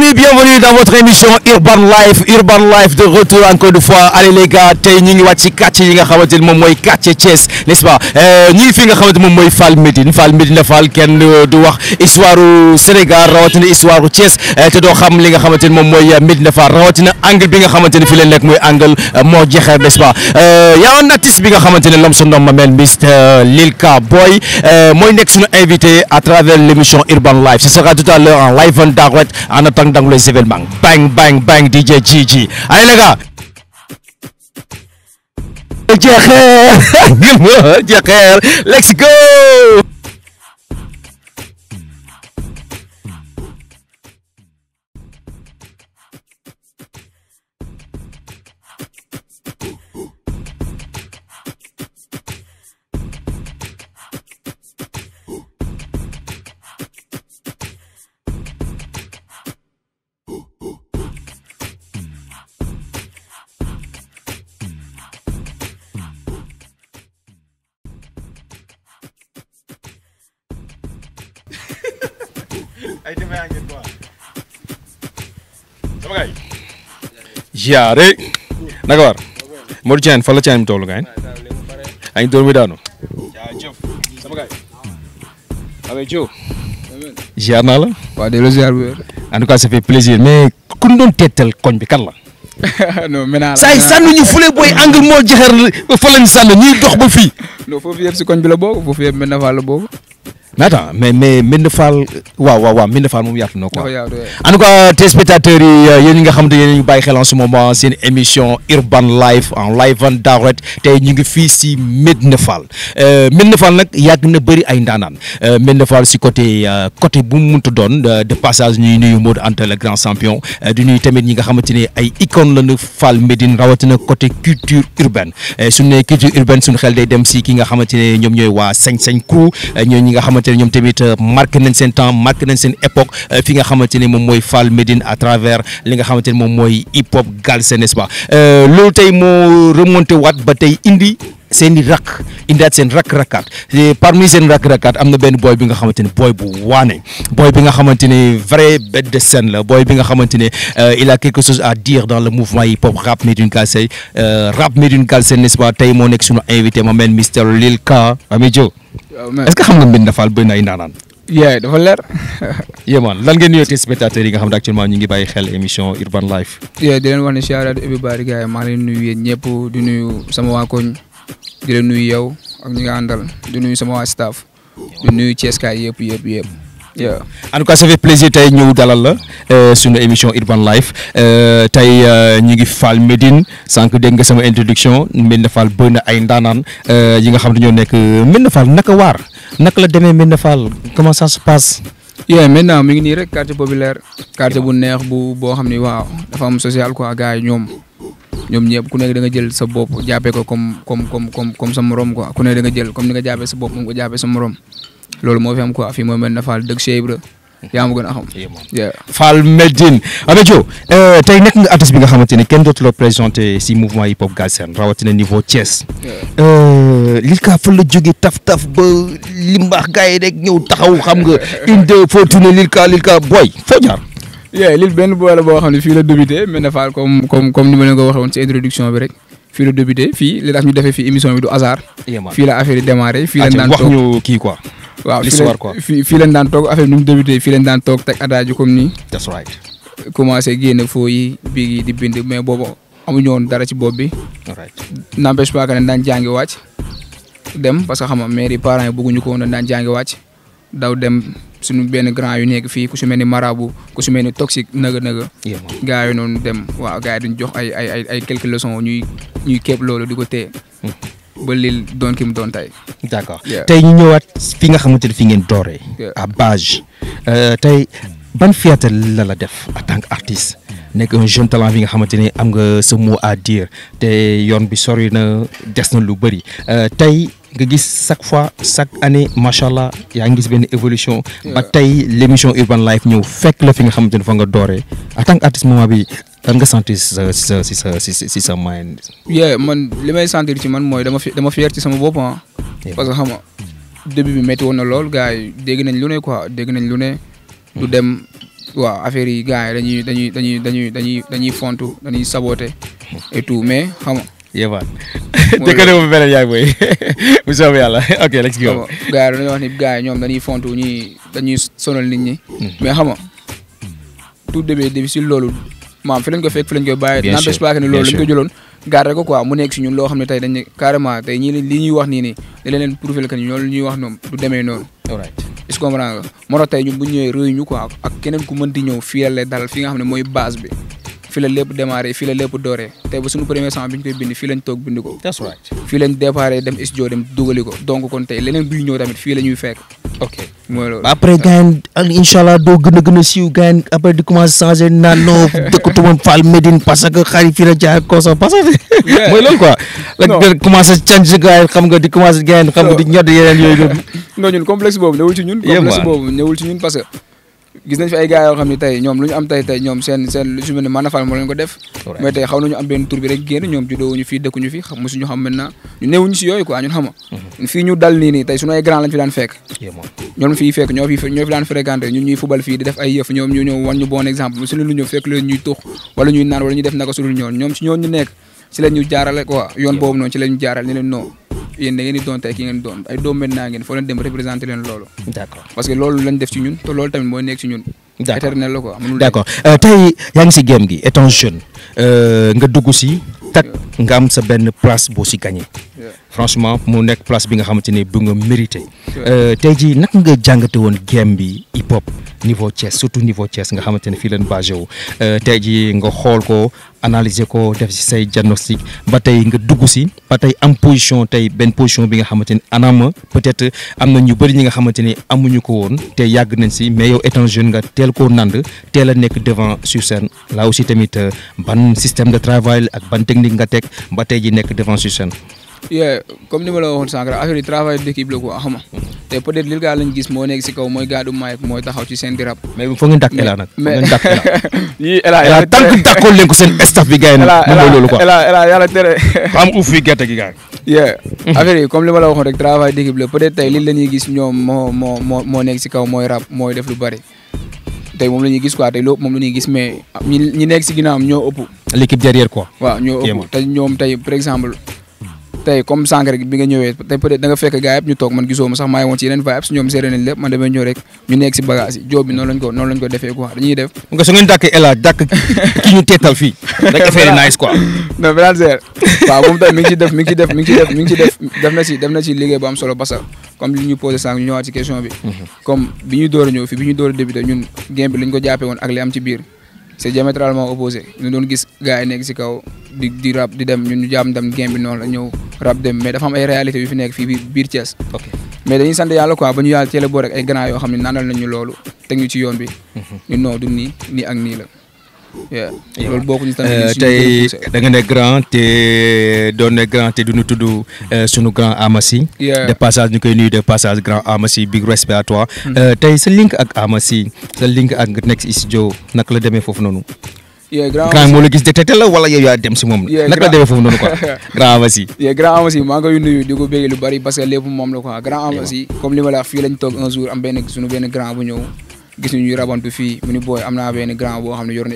bienvenue bienvenue dans votre émission Urban Life Urban Life de retour encore une fois allez les gars tey ñu ngi wàcc ci yi nga xamante mom moy mooy quartier Thiès n'est-ce pas euh, ñi fi nga xamante mom moy Fall Medine, Fall Medine Fall kenn euh, du wax histoire Sénégal rawatina histoire Thiès euh, te do xam li nga xamante mom moy mooy Médine Fall angle bi nga xamante ni fi len moy angle mo jeexee n'est-ce pas y'a un artiste bi nga xamante ne l'homme son nom m'appelle Mr Lilka Boy, Boy moy nek suñu invité à travers l'émission Urban Life ce sera tout à l'heure en live on direct en attendant bang dans les événements. Bang, bang, bang, DJ Gigi. Allez les gars Jaxer Jaxer let's go jaare naka war Modou Thiam fa la Thiam toll nga daanu jaajëf sama gaay amee plaisir mais ku ñu doon bi kan la non maintenant saa yi angle moo jaxer fa lañ sànni ñuy dox ba fii non foofu yëpp si koñ bi la bokk foofu yëpp mën faa la mais attends mais mais Mbène Fall waaw waaw waaw Mbène Fall moom yaatu na ko en tout cas téléspectateurs yi euh, yéen ñi nga xamante ne yéen ñu bàyyi xel en ce moment seen émission Urban Life en live ñu ngi fii si Mbène Fall euh, Mbène Fall nag yàgg na bëri ay ndaanaan euh, Mbène Fall si côté côté bu mu munti doon passage ñuy nuyu Modou Anta di nuyu tamit ñi nga xamante ne ay icône lañu Fall Médine rawatina côté culture urbaine suñu nee culture urbaine suñu xel day dem si ki nga xamante ne ñoom ñooy waa sañ-sañ crew ñoo ñi nga xamante xamante ne ñoom tamit euh, marqué nañ seen temps marqué nañ seen époque euh, fi nga xamante ni moom mooy Fall Médine à travers li nga xamante ni moom mooy hip hop galsen n'est-ce pas euh, loolu tey moo remonté waat ba tey indi seen i rakk indaat seen rakk rakkaat parmi seen rakk rakkaat am na benn booy bi nga xamante ne booy bu waane booy bi nga xamante ne vrai de scène la booy bi nga xamante ne il a quelque chose à dire dans le mouvement hip hop rap Médine Galsen rap Médine Galsen tey moo nekk suñu invité ma men Mister Lil Ka est-ce que xam nga Mbine Fall bëri na ay ndaanaan. yaay dafa leer. yéemaan lan ngeen nuyootee spectateurs yi nga xam ne actuellement ñu ngi bàyyi xel émission Urban Life. yaay di ne siyaaraat Ibi Bari gars yi maa ngi nuyu sama waa koñ di leen nuyu yow ak ñi nga àndal di nuyu sama waa staff di nuyu Thiès kaay yëpp yëpp yëpp. en tout cas ça fait plaisir tey ñëw dalal la euh, suñu émission Urban Life euh, tey euh, ñu ngi Fall Médine sànq dégg nga sama introduction Médina Fall bëri na ay ndaanaan yi nga xam ne ñoo nekk Médina Fall naka waar naka la demee Médina Fall comment ça se passe. yeah maintenant mi ngi nii rek quartier populaire quartier bu neex bu boo xam ni waaw dafa am social quoi gars yi ñoom. ñoom ñëpp ku nekk da nga jël sa bopp jàppee ko comme comme comme comme sa morom quoi comme ni nga jàppee sa bopp moom sa morom loolu moo fi am quoi fii mooy mel na dëgg Cheikh yaa ma gën a xam. Fall Medine Abedio euh, tey nekk nga artiste bi nga xamante ne kenn dootu la présenté si mouvement hip hop Galsen rawatina niveau Thiès. Euh, lii kaa fan la jógee taf taf ba li mbaax gars rek ñëw taxaw xam nga une deux foo tourné booy foo jaar. yee benn booy la boo xam ne fii la débuté mel na Fall ni ma leen ko waxee woon si introduction bi rek. fii la débuté fii li tax ñu defee fii émission bi du hasard. fii la affaire yi fii la naan quoi. waaw l'histoire quoi fii fii lañ daan toog affaire nu mu débuté fii lañ daan toog teg adaaji comme nii. commencé génne foo yi biig di bind mais boobu amuñu woon dara ci bopp bi. right n'empêche pas que ne daan wàcc dem parce que xam nga mairie parents yi bëgguñu ko woon daan jàngi wàcc daw dem suñu benn grand yu nekk fii ku su mel ni marabu ku su mel ni toxique nëga nëga. gaa yi dem waaw gaa yi jox ay ay ay quelques leçons ñuy ñuy loolu di ko téye. Hmm. ba Lille doon ki mu doon tey. d' accord tey ñu ñëwaat fi nga xamante ne fi ngeen dooree. à Bage euh, tey ban fierté la la def en tant que artiste. nekk un jeune talent bi nga xamante ne am nga sa mot à dire te yoon bi sori na des na lu bëri euh, tey nga gis chaque fois chaque année macha allah yaa ngi gis benn évolution. ba tey l' émission Urban Life ñëw fekk la fi nga xamante ne fa nga dooree en tant que artiste lan nga sentir si sa si sa si sa si sa moyen. yeah man li may sentir ci man mooy dama fi dama fier ci sama bopp ah. parce que xam nga début bi metti woon na lool gars yi dégg nañ lu ne quoi dégg nañ lu ne. du dem waaw affaire yi gars yi dañuy dañuy dañuy dañuy dañuy fontu dañuy saboter et tout mais xam nga. yéewaat dëkk na mu beneen yaay booy bu soobee yàlla ok let's go. gars yi dañuy wax ni gars yi ñoom dañuy fontu ñii dañuy sonal nit ñi. Mm. mais xam nga tout début début si loolu. maam fi lañ ko fekk fi lañ koy bàyyi n'empêche pas loolu lañ ko jëloon garder ko mu nekk si ñun loo xam ne tey dañ ne carrément tey ñii li ñuy wax nii nii da leen prouver que ni ñoom ñuy wax noonu du demee noonu est-ce que comprends ñun bu ñëwee réew ñu quoi ak keneen ku mënti ñëw fii la dalal fi nga xam ne mooy base bi fii la lépp démarré fii la lépp dooree tey ba suñu premier sang bi ñu koy bind fii lañ toog bind ko fii lañ déparé dem studio dem dugali ko kon tey leneen buy ñëw tamit fii la ñuy après gars yi doo gën a a siiw gars après di commencé changé naan non dëkkatuma Fall Médine parce que xarit fii la jaay koosa parce mooy loolu quoi la nga commencé change gars xam nga di commencé di yeneen yooyu noonu ñun complexe boobu ñëwul ci ñun complexe boobu ñëwul ci gis nañ fi ay gars yoo xam ne tey ñoom lu ñu am tey tey ñoom seen seen lu ci mel moo leen ko def. mais tey xaw nañu am benn tur génn ñoom fi mm-hmm. ñu dal nii nii tey suñu grand lañ fi daan fekk. ñoom fi daan fréquenté ñun ñuy fubal fii def ay yëf ñoom ñu ñëw ñu bon exemple suñu lu ñëw fekk leen tux wala ñuy naan wala ñuy def naka suñu ñoon ñoom si ñoon ñu nekk si la ñu jaarale yoon boobu noonu ci la jaaral ni leen non yéen da ngeen di doon tey ki ngeen doon ay doomu maintenant ngeen foo leen dem représenté leen loolu. d'accord parce que loolu lañ def ci ñun te loolu tamit mooy nekk ci ñun. d'accord éternel d'accord euh, tey yaa ngi si game gi étant jeune euh, nga dugg si. tak nga am sa benn place bo si gagné. franchement mu nekk place bi nga xamante ne bu nga mérité euh, tey jii nag nga jàngate woon game bi hip hop niveau Thiès surtout niveau Thiès nga xamante ne fii leen basé wu euh, tey jii nga xool ko analyser ko def si say diagnostic ba tey nga dugg si ba tey am position tey benn position bi nga xamante ne anam peut-être am na ñu bëri ñi nga xamante ne amuñu ko woon te yàgg nañ si mais yow étant jeune nga teel koo nand teel a nekk devant sur scène là aussi tamit euh, ban système de travail ak ban technique nga teg ba tey ji nekk devant sur scène yeah comme ni ma la waxoon sànq rek affaire yi travail d'équipe la quoi xam nga te peut être li bi gars yi nag. moom mooy gi gars yi. comme li la waxoon rek travail d'équipe la peut être tey li la gis ñoom moo moo moo moo nekk si kaw mooy rab mooy def lu bari. tey moom la ñuy gis quoi tey loolu moom la ñuy gis mais ñi ñi nekk si ginnaawam ñoo ëpp. l'équipe derrière quoi. waaw ñoo ëpp te ñoom tey par exemple. tey comme sànq rek bi nga ñëwee tey peut être da fekk gars yëpp ñu toog man gisoo ma sax maa ngi woon ci yeneen vibes ñoom seere nañ lépp man damay ñëw si liggéey bu am solo basa comme li ñu posé sànq ñu ñëwaat ci question bi mhm. comme bi ñuy door ñëw fii bi ñuy door a ñun game bi ko jàppee woon ak li am ci biir c' est diamétralement opposé ñu doon gis gars yi nekk si kaw di rab di dem ñu jaam dem game bi noonu la ñëw rab dem mais dafa am ay réalité yu fi nekk fii biir biir Thiès. mais dañuy sant yàlla quoi ba ñu yàlla teel a boole xam ne naanal na ñu loolu teg ñu ci yoon bi. Mhm. ñu du nii nii ak nii la. loolu bokkuñu tamit euh, tey da nga ne grand te doon du ñu tudd euh, sunu grand Amassi. de passage ñu koy hmm. euh, sa link ak Amassi sa link ak Next Studio naka si moom la. naka la demee foofu noonu quoi grand Amassi. grand Amassi maa ngi koy nuyu di ko bëgg lu bari parce que lépp la quoi grand Amassi li ma la wax fii lañ toog un jour am benn sunu benn grand bu ñëw. gis ñu ñuy rabantu fii mu ni booy am na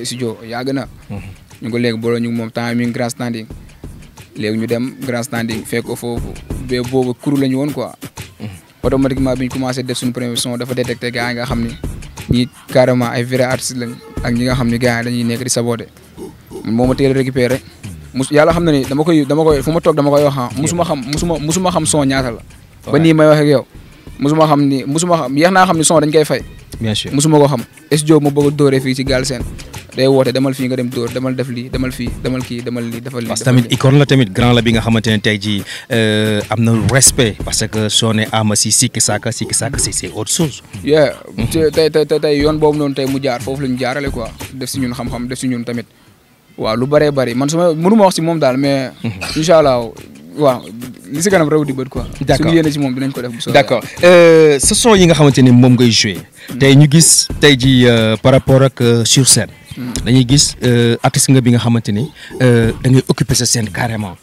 studio mm-hmm. moom temps mi ngi grand standing léegi ñu dem grand standing fekk ko foofu ba boobu kuru la ñu woon quoi. Mm-hmm. automatiquement bi ñu commencé def suñu premier son dafa détecté gars yi nga xam ne ñii carrément ay vrais artistes lañ ak ñi nga xam ne gaa yi dañuy nekk di saboté moo ma teel a récupéré mus xam na ni dama koy dama koy fu ma toog dama koy wax ah, xam musuma musuma xam son ñaata la. ba nii may wax ak yow. musuma xam ni musuma xam yéex naa xam ni son dañ koy fay. bien sûr musuma ko xam. studio mu bëgg a dóoree fii ci Galsen day woote demal fii nga dem dóor demal def lii demal fii demal kii demal lii defal lii. parce que tamit icône la tamit grand bi nga xamante ne tey jii euh, am na respect parce que soo ne ama si sikki saaka sikki saaka si c'est autre yoon boobu noonu tey mu jaar foofu la ñu jaarale quoi def si ñun xam-xam def si ñun tamit waaw lu bëree bëri man su ma mënu ma wax si moom daal mais. incha waaw li si kanam raw di bët quoi. d' accord suñu yéene si ko def bu soobee. d' euh, yi nga xamante ni moom ngay joué. tey ñu gis tey ji euh, par rapport ak euh, sur scène. dañuy gis euh, artiste nga bi nga xamante ni euh, da ngay occuper sa carrément.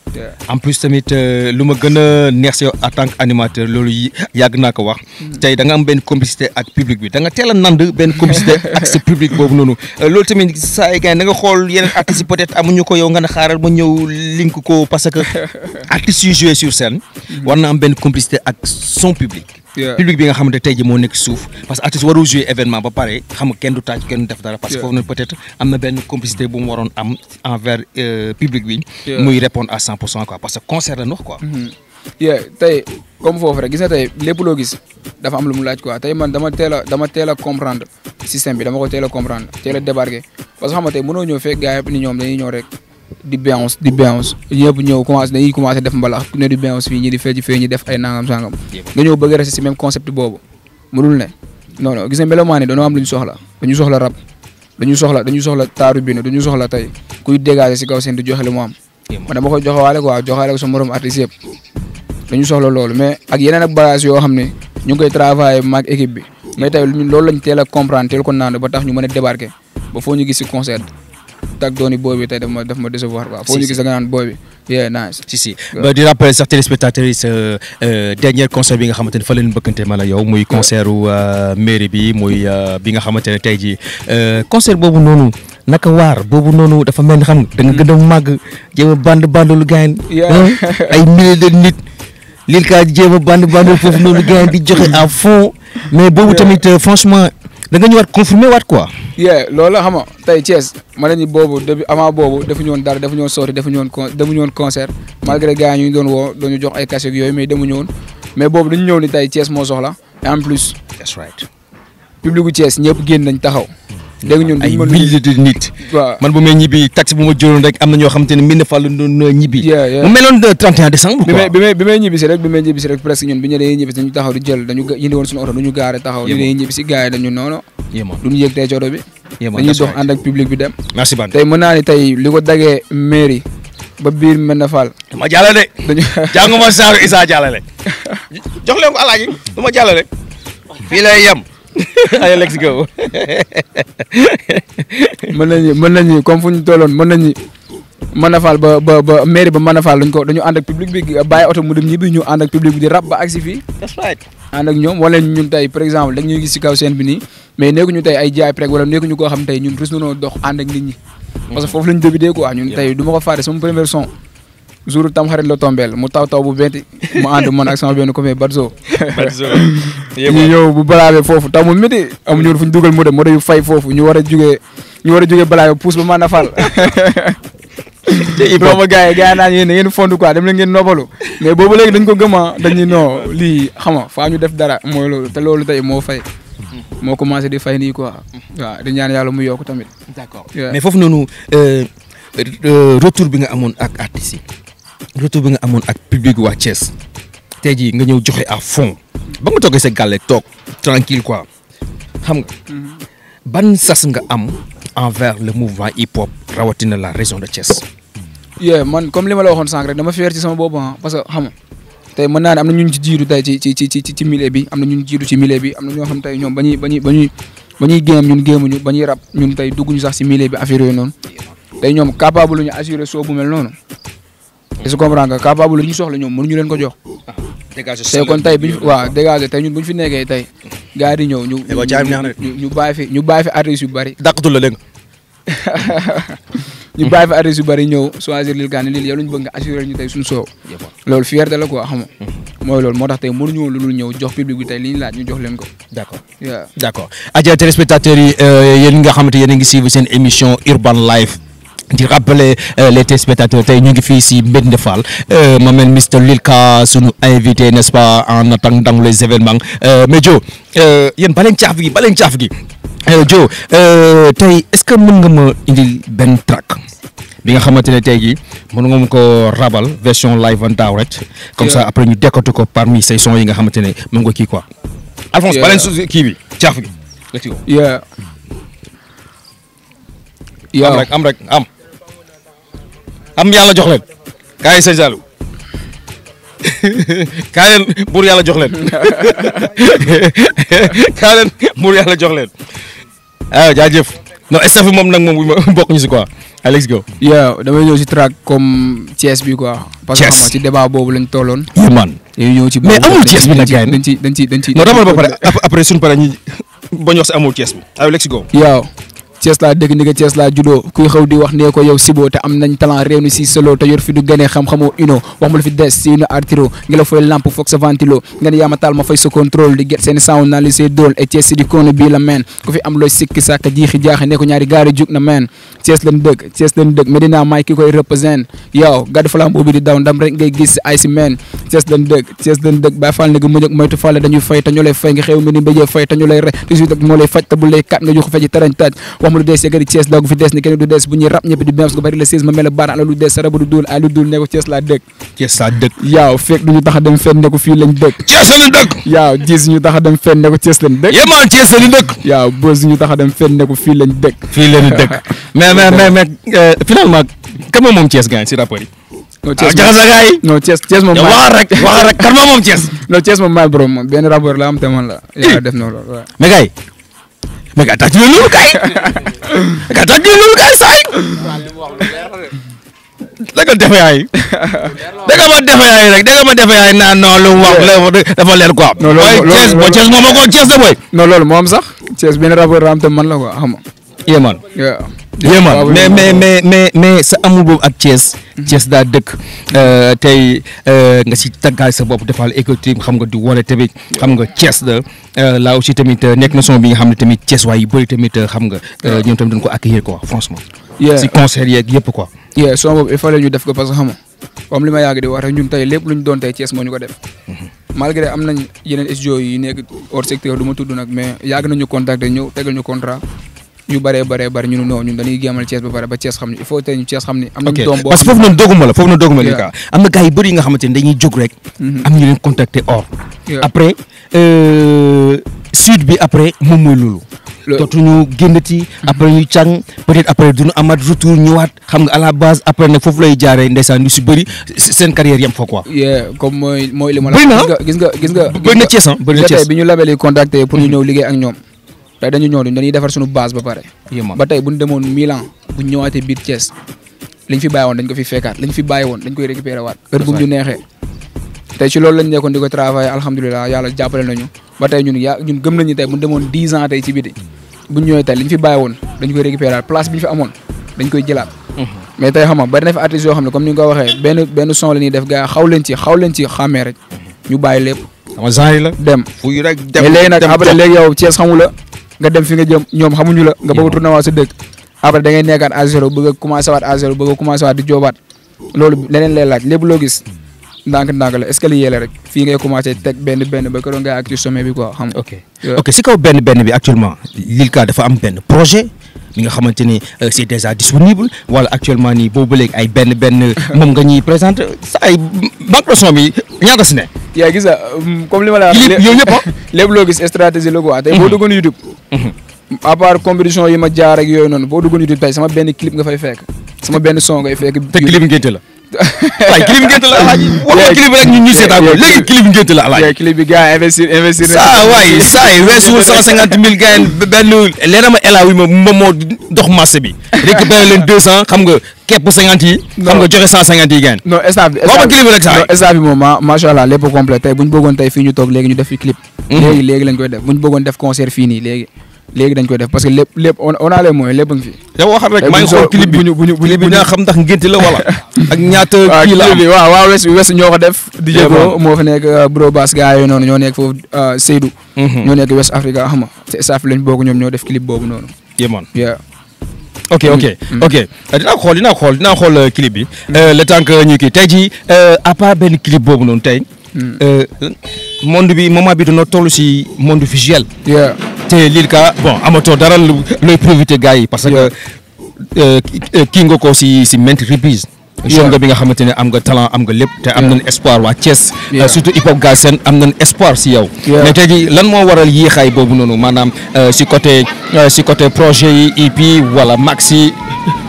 en plus tamit euh, lu ma gën a neex si en tant que animateur loolu yàgg naa ko wax. Mm. tey da nga am benn complicité ak public bi da nga teel a nand benn complicité ak sa public boobu noonu loolu tamit saa yi da nga xool yeneen artistes yi peut-être amuñu ko yow nga ne xaaral ma ñëw link ko parce que artistes yu joué sur scène. Mm. war na am benn complicité ak son public. public bi nga xamante tey ji moo nekk suuf parce que artiste warul jouer événement ba pare xam nga kenn du taaj kenn du def dara parce que foofu peut être am na benn complicité bu mu waroon am envers euh, public bi muy répondre à 100 pour cent quoi parce que concert la ñu wax quoi mm-hmm. yeah tey comme foofu rek gis na tey lépp loo gis dafa am lu mu laaj quoi tey man dama teel a dama teel a comprendre système bi dama ko teel a comprendre teel a débarquer parce que xam nga tey mënoo ñëw fekk gars yi ni ñoom dañuy ñëw rek di bounce di bounce ñëpp ñëw commencé dañuy commencé def mbalax ku ne di bounce fii ñi di fecc fii ñi def ay nangam sangam nga ñëw bëgg a rester si même concept boobu mënul ne non non gis nga melomaan yi dañoo am lu ñu soxla dañu soxla rab dañu soxla dañu soxla taaru bi dañu soxla tey kuy dégager si kaw seen di joxe lu mu am man dama koy joxewaale quoi joxewaale ko sa morom artiste yëpp dañu soxla loolu mais ak yeneen ak bagage yoo xam ne ñu ngi koy travailler maag équipe bi mais tey loolu lañ teel a comprendre teel ko naan ba ñu mën a débarquer ba ñu gis si concert tag doni boy bi tey daf daf ma décevoir quoi. yeah nice si si ba di rappel sax téléspectateurs dernier concert bi nga fa leen bëkkante bi muy bi nga concert naka dafa mel xam nga da nga gën mag jëw band bandulu gaay ya. hmm? ay milliers de nit lil ka jëw band bandul di joxe à fond mais bobu ya. tamit franchement da nga ñëwaat confirmé waat quoi. yeah loolu la xam nga tey Thiès boobu depuis avant boobu defuñu woon dara defuñu woon sori defuñu woon con demuñu woon concert malgré gars yi ñu doon woo doon ñu jox ay cachet yooyu mais demuñu woon mais boobu dañu ñëw ni tey Thiès moo soxla en plus. that's right. public bu Thiès ñëpp génn nañ taxaw. léegi ñun ay milliers de nit waaw man bu may ñibbi taxi bu ma jëloon rek am na ñoo xamante ne mbind fàll doon euh, ñibbi mu meloon 31 euh, décembre quoi bi may bi may ñibbi si rek bi may ñibbi si rek presque ñun bi ñu dañuy ñibbi si dañu taxaw di jël dañu gaare taxaw ñu dañuy ñibbi si gars yi dañu noonu yëg tey ci oto bi dañuy dox ànd ak public bi dem merci tey mën naa ni tey li ko dagee mairie ba biir mel na Fall. dama jàllale. dañu jànguma saaru Issa jàllale. jox leen ko alaaji dama jàllale. fii lay yem. allez let's go. mën nañu mën nañu comme fu ñu tolloon mën nañu mën a faal ba ba mairie ba mën a faal dañu ko dañu ànd ak public bi bàyyi oto mu dem ñibbi ñu ànd ak public bi di rab ba agsi fii. that's right. ànd ak ñoom wala ñun tey par exemple dañuy gis si kaw seen bi nii mais nekkuñu tey ay jaay prek wala nekkuñu koo xam tey ñun rus nañoo dox ànd ak nit ñi. parce que foofu lañ débuté quoi ñun tey du ma ko fàtte sama première son. jour tam xarit la tombeel mu taw taw bu benti mu ànd man ak sama benn copain Badso. Badso ñu ñëw bu balaabe foofu taw mu métti amuñu woon fu ñu dugal mu dem mu dem fay foofu ñu war a jugee ñu war a jugee balaabe puus ba mën a fal. te Ibrahima boobu gars yi gars yi naan yéen da ngeen fondu quoi dem leen ngeen noppalu mais boobu léegi dañ ko gëm a dañuy non lii xam nga faa ñu def dara mooy loolu te loolu tey moo fay. moo commencé di fay nii quoi. waaw di ñaan yàlla mu yokk tamit. d'accord mais foofu noonu euh, euh, retour bi nga amoon ak retour bi nga amoon ak public waa Thiès tey jii nga ñëw joxe à fond ba nga toogee se gàlle toog tranquille quoi xam nga mm-hmm. ban sas nga am envers le mouvement hip hop rawatina la région de Thiès. yee man comme li ma la waxoon sànq rek dama fier ci sama bopp ah parce que xam tey naa ne am na ñu ci jiitu tey ci ci ci ci milieu bi am na ñu jiitu ci milieu bi am na ñoo xam tey ñoom ba ñuy ba ñuy ba ñuy ba ñuy ñun géemuñu ba ñuy rab ñun tey dugguñu sax si milieu bi affaire yooyu noonu tey ñoom capable ñu assurer soo bu mel noonu. est ce que comprendre nga capable lu ñu soxla ñoom mënuñu leen ko jox. dégagé tey kon tey bi ñu waaw dégagé tey ñun bu ñu fi nekkee tey. gaa di ñëw ñu ñu ñu bàyyi fi ñu bàyyi fi artistes bëri. dàqatul la dégg ñu bàyyi fi artistes yu bëri ñëw choisir lil gaani lil yow lañu bëgg nga ñu tey suñu soow. loolu fierté la quoi xam hmm. mooy loolu moo tax tey mënuñu woon lu dul ñëw jox public bi tey li ñu laaj ñu jox leen ko. d' accord d' accord. aja téléspectateurs yi euh, nga xamante yéen a ngi seen émission Urban Life di rappeler euh, les téléspectateurs tay ñu ngi fi si Mbédine Fall euh, ma mel Mr Lilka sunu invité n'est-ce pas en attendant les événements euh, mais euh yeen balen tiaf gi balen tiaf gi euh tay est-ce que mën nga ma indil track bi nga xamante ne gi jii mën nga ko rabal version live en direct comme ça après ñu décoté ko parmi ces sons yi nga xamante ne mën nga quoi. Alphonse balen su kii bi tiaf gi. am rek am rek am. am yàlla jox leen kaay sëñ Saliou kaa leen buur yàlla jox leen kaa leen buur yàlla jox leen ah jaajëf non staff moom nag moom bokk ñu si quoi Alex go. yow damay ñëw si track comme Thiès bi quoi. parce que xam nga ci débat boobu lañ tolloon. yu man ñëw ci mais amul Thiès bi nag gars yi dañ ci dañ ci dañ ci. non ba pare après suñu pare ñu bañ wax si amul cees bi. Alex go. yow. Thiès laa dégg ni nga Thiès laa judoo kuy xaw di wax nee ko yow siboo te am nañ talent réew ni si solo te yor fi du gënee xam-xamoo uno wax ma la fi des si uno artiro ngi la fay sa contrôle di fay te ñu lay fay nga xew mi fay te ñu lay re 18 ak lay faj te bu kat nga jox faj tarañ taaj wax amul dees yëkkati Thiès loogu fi dees ni kenn du dees bu ñuy rab ñëpp di bams ko bari la Thiès ma mel baan ala lu dees sara bu du duul ay lu duul ne ko Thiès laa dëkk Thiès laa dëkk yaaw du ñu tax a dem fenn ne ko fii lañ dëkk Thiès a a dem la euh, ah, gars yi non Thiès Thiès moom waxal rek waxal rek kan moom moom Thiès non Thiès moom maay borom moom la am te man la yaa def na loolu mais mais gars tàcc na loolu kay gars tàcc na loolu kay saay danga defe yaay ma defe yaay rek danga ma defe yaay naan non lu wax dafa leer quoi. non loolu loolu moom moo ko Thiès de booy. non loolu moo sax Thiès benn rappeur am te man la ko xam nga. yeah man mais mais mais mais mais sa amul boobu ak Thiès. Thiès daa dëkk tey nga si tàggaay sa bopp defal écotrim xam nga di wane tamit xam nga Thiès la là aussi tamit nekk na son bi nga xam ne tamit Thiès waay yu bëri tamit xam nga ñoom tamit dañ ko accueillir quoi franchement. si concert yeeg yëpp quoi. yeah son boobu il fallait ñu def ko parce que xam nga comme li ma yàgg di wax rek ñun tey lépp lu ñu doon tey Thiès moo ñu ko def. malgré am nañ yeneen studio yi nekk hors secteur du ma tudd nag mais yàgg nañu contacter ñëw tegal ñu contrat. yu bëree bëree bëri ñun non ñun dañuy géemal Thiès ba pare ba Thiès xam ne il faut tey Thiès xam ne am nañu doom boo parce que foofu noonu doguma la foofu noonu doguma la am na gars yu bëri yi nga xamante ne dañuy jóg rek mm-hmm. am ñu leen contacter or après euh, sud bi après moom mooy loolu dootuñu génn ci mm-hmm. après ñu càng peut-être après duñu amaat retour ñëwaat xam nga à la base après nag foofu lay jaaree ndeysaan ñu si bëri seen carrière yam foo quoi comme mooy mooy li ma la gis nga gis nga gis nga bëri na Thiès ah bëri na Thiès bi ñu label yi contacté pour ñu mm-hmm. ñëw liggéey ak ñoom tey dañu ñëw dañuy defar suñu base ba pare. ba tey bu ñu Milan bu ñu ñëwaatee biir Thiès fi bàyyi woon dañ koy récupérer waat. heure bu ñu neexee tey ci loolu lañ nekkoon di ko travailler alhamdulilah jàppale nañu ba tey ñun gëm nañu tey bu ñu demoon dix ans tey ci mhm. la nga dem fi nga jëm ñoom xamuñu la nga bëgg a tourné waa sa dëkk après da ngay nekkaat à zéro bëgg a commencé waat à zéro bëgg a commencé waat di joobaat leneen lay laaj lépp loo gis ndànk-ndànk la escalier la rek fii ngay commencé teg benn benn ba keroog ngay àgg ci sommet bi quoi xam nga. ok dafa am benn projet mi nga xamante ni euh, c'est déjà disponible wala actuellement nii boobu ba léegi ay benn benn moom nga ñuy présent sa ay banque de son bi si ne. yaa gis nga euh, comme li ma la wax. lépp yooyu yëpp ah? lépp loo mhm. mhm. yi ma jaar ak yooyu noonu boo duggoon YouTube tey sama benn clip nga fay fekk. sama benn son ngay fekk. te clip ngénte la. waaye clip ngénte la alaaji wax nga clip rek ñu ñu seetaan léegi clip ngénte la alaaji saa waay saa yi cent cinquante mille gars yi benn leena ma wi ma moom moo dox marché bi récupéré leen deux cent xam nga képp cinquante yi xam nga joxe cent cinquante yi gars non staff bi rek saa yi staff bi moom complet tey bu ñu bëggoon tey toog léegi ñu def fi clip mhm. léegi léegi lañ koy def bu ñu def concert fii nii léegi dañ ko def parce que lépp lépp on a les moyens lépp a ngi fi. yow waxal rek maa xool clip bi clip bi ndax ngénte la wala. ak ñaata kii waaw waaw wes wes ñoo ko def. di jéego moo fa nekk euh, Bro Bass gars yooyu noonu ñoo nekk foofu euh, Seydou. Mhm. ñoo nekk West Africa xam nga te staff ñoom ñoo def clip boobu noonu. yéemoon ok ok mm-hmm. Mm-hmm. ok euh, dinaa xool dinaa xool dinaa xool clip bi. le temps que ñu tey jii à part boobu noonu tey. Mm. monde bi moment bi dañoo toll si monde visuel. te ka bon amatoo dara looy profité gars yi parce que euh, euh, kii nga ko si si maintes reprises. yoon nga bi nga xamante ne am nga talent am nga lépp. te am nañ espoir waa Thiès. Euh, surtout hip hop gars seen am nañ espoir si yow. mais tey jii lan moo waral yéexaay boobu noonu maanaam si côté si côté projet yi EP wala maxi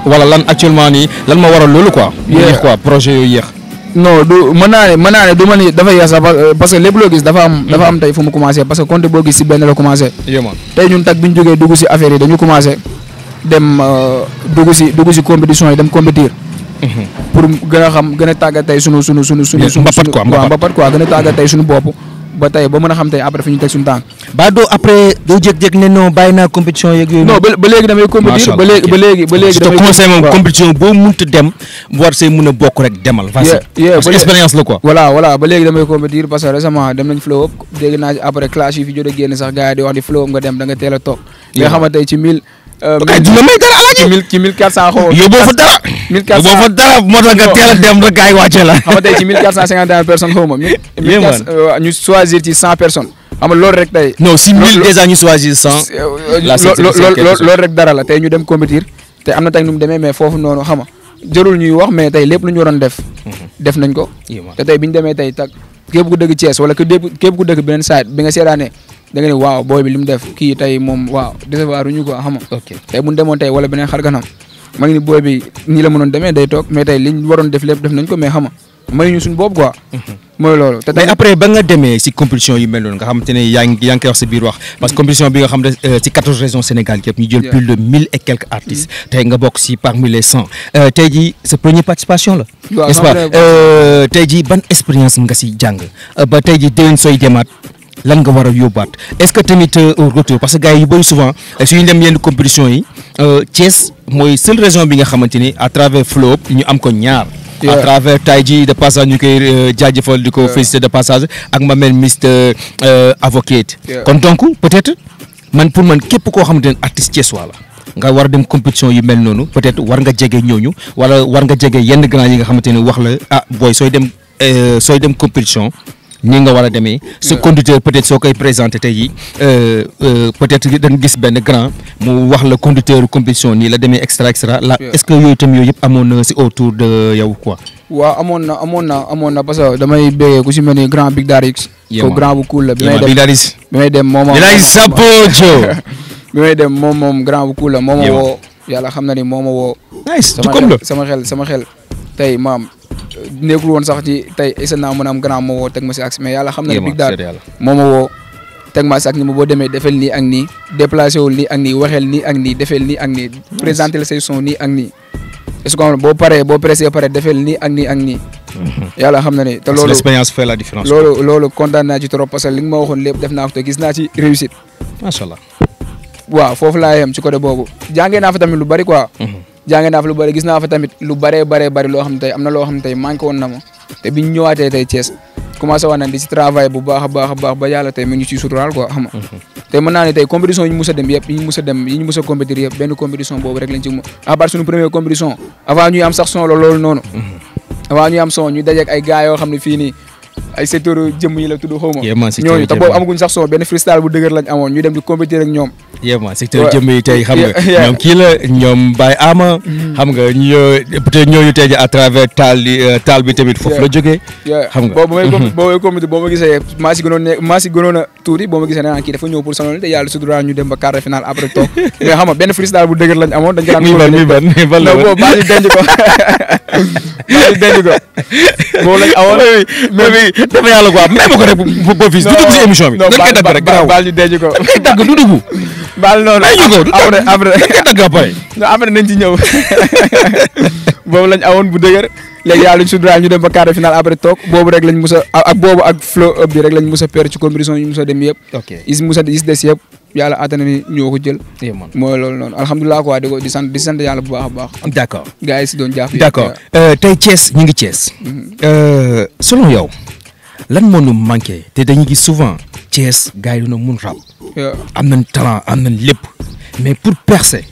wala lan actuellement nii lan moo waral loolu quoi. yéex projet yooyu yéex. non du mën naa ne mën naa ne du ma ni dafa yees euh, parce que lépp loo gis dafa am mm-hmm. dafa am tey fu mu commencé parce que compte boo gis si benn la commencé tey ñun tag bi ñu jógee dugg si affaire yi dañu commencé dem euh, dugg si dugg si compétition yi dem compétir mm-hmm. pour gën a xam gën a tàggat tey sunu sunu sunu sunu sunu mbapat quoi gën a tàggat tey sunu bopp ba tey ba mën a xam tey après fi ñu teg suñu temps. ba doo après doo jékki-jékk ne non bàyyi naa compétition yeeg yooyu. non ba léegi damay compétir ba léegi ba léegi boo munti see mun a bokk rek demal. facile parce que expérience la quoi. voilà voilà ba léegi damay compétir parce que dem nañ flow up dégg naa après clash yi fi jot a génn sax gars yi di wax di flow nga dem da nga teel a toog. nga xamante ci mille. Euh, dara alaaji ci mille quatre cent xaw yóbboo fa dara 1400 boo fa dara moo tax nga teel a dem rek gars yi la. xam nga tey ci 1451 personnes xaw ma. yéen man euh, ñu choisir ci 100 personnes. xam loolu rek tey. non si 1000 déjà ñu choisir 100. Euh, euh, loolu rek dara la tey ñu dem compétir te am na tey nu demee mais foofu noonu xam nga jërul ñuy wax mais tey lépp lu ñu waroon def. Mhm. def nañ ko. te tey bi ñu demee tey tak képp ku dëkk Thiès wala képp ku dëkk beneen side bi nga seetaanee da nga ne waaw booy bi li mu def kii tey moom waaw décevoir ñu ko xam nga. ok tey bu ñu wala beneen xar kanam ma ngi ni booy bi ni la mënoon démé day tok mais tay liñ waroon def lépp def nañ ko mais xama ñu suñu bopp quoi. mooy loolu te mais après ba nga démé ci compétition yu mel noonu nga xamante ne yaa ngi wax ci biir wax parce que compétition bi nga xam euh, ci 14 quatorze régions Sénégal képp ñu jël plus de 1000 et quelques artistes. Mm. tay nga bok ci parmi les cent euh, tay ji sa première participation la. n'est-ce pas euh tay ji ban expérience nga si jang euh, ba tay ji déwén soy démat lan nga war a yóbbaat est-ce que tamit retour euh, parce que gars yi bëri souvent euh, suñu dem yenn compétition yi euh, Thiès mooy seule région bi nga xamante ni à travers Flop ñu am ko ñaar. à travers tay ji de passage ñu koy jaajëfal di ko féliciter de passage ak ma mel Mister Avocate. kon donc peut-être man pour man képp koo xamante ne artiste thiessois la. nga war a dem compétition yu mel noonu peut-être war nga jege ñooñu wala war nga jege yenn grand yi nga xamante ne wax la ah booy sooy dem sooy dem compétition nii nga war a demee sa conducteur peut-être soo koy présenté tey jii euh, euh, peut-être da gis benn grand mu wax la conducteur compétition nii la demee extra extra la est-ce que yooyu tam yooyu yëpp amoon na si autour de yow quoi. waaw amoon na amoon na amoon na parce que damay béyee ku si mel ni grand Big Darix. ko grand bu cool la bi may dem Big Darix. bi may dem moom moom bi may dem moom moom woo. yàlla xam na ni moo ma woo. nice sama xel sama xel tey maam. nekkul woon sax ci tey isa naa mën a am grand ma woo teg ma si ak mais yàlla xam na ne big daal moo teg ma si ak ni ma boo demee defel nii ak nii déplacé wul nii ak nii ak nii defel nii ak nii présenté la say son nii ak nii boo paree boo pressé pare defel nii ak ni ak nii mhm. yàlla xam na ne te loolu l'expérience fait la différence loolu loolu kontaan naa ci trop parce que li nga ma waxoon lépp def naa ko te gis naa ci réussite macha allah waaw yem ci côté boobu jàngee naa fa tamit lu bari quoi mhm. jàngee naa fa lu bëri gis naa fa tamit lu bëree bëree bëri loo xam ne tey am na loo xam ne tey woon na ma te biñ ñëwaatee tey Thiès commencé woon nañ di si travail bu baax a baax baax ba yàlla tey mi ngi ciy suturaal quoi xam ne tey compétition yi ñu dem yi ñu mus benn compétition boobu rek lañ ci mu à part suñu première compétition avant ñuy am sax son la loolu noonu avant ñuy am son ñu dajeek ay gars xam ne fii nii ay secteur jëmm yi la tudd xaw ma. ñooñu te secteur jëmm yi tey xam nga ñoom kii ñoom Baye Ama. Mm-hmm. xam nga ñoo tey à travers taal bi euh, taal bi tamit foofu la jógee. xam nga boo may boo ma gisee maa si tuuti boo ma gisee ne ah, kii dafa ñëw pour sonal te yàlla sutura ñu dem ba quart de finale après toog mais xam nga benn bu dëgër lañ amoon. dañ ko daan muy ban muy ban muy ban la woon non boobu lii dafa yàlla quoi may ma ko rek boo fii du dugg si émission bi. dañ koy dagg rek garaaw baal ñu denc ko. dañ koy dagg du dugg. baal noonu may ñu ko du après après dañ ci ñëw boobu lañ awoon bu dëgër. léegi yàlla ñu suduraal ñu dem ba quart de finale après toog boobu rek lañ mus a ak boobu ak flow bi rek lañ mus a ci compétition yi mus a dem yëpp is mus a is jël mooy loolu noonu alhamdulilah ko di sant di sant bu baax a baax d' accord gars jaaf d' euh, tey Thiès ñu ngi Thiès mm-hmm. euh, selon yow lan moo nu manqué te dañu gis souvent Thiès gars yi duna mun rab am nañ talent am nañ lépp mais pour percer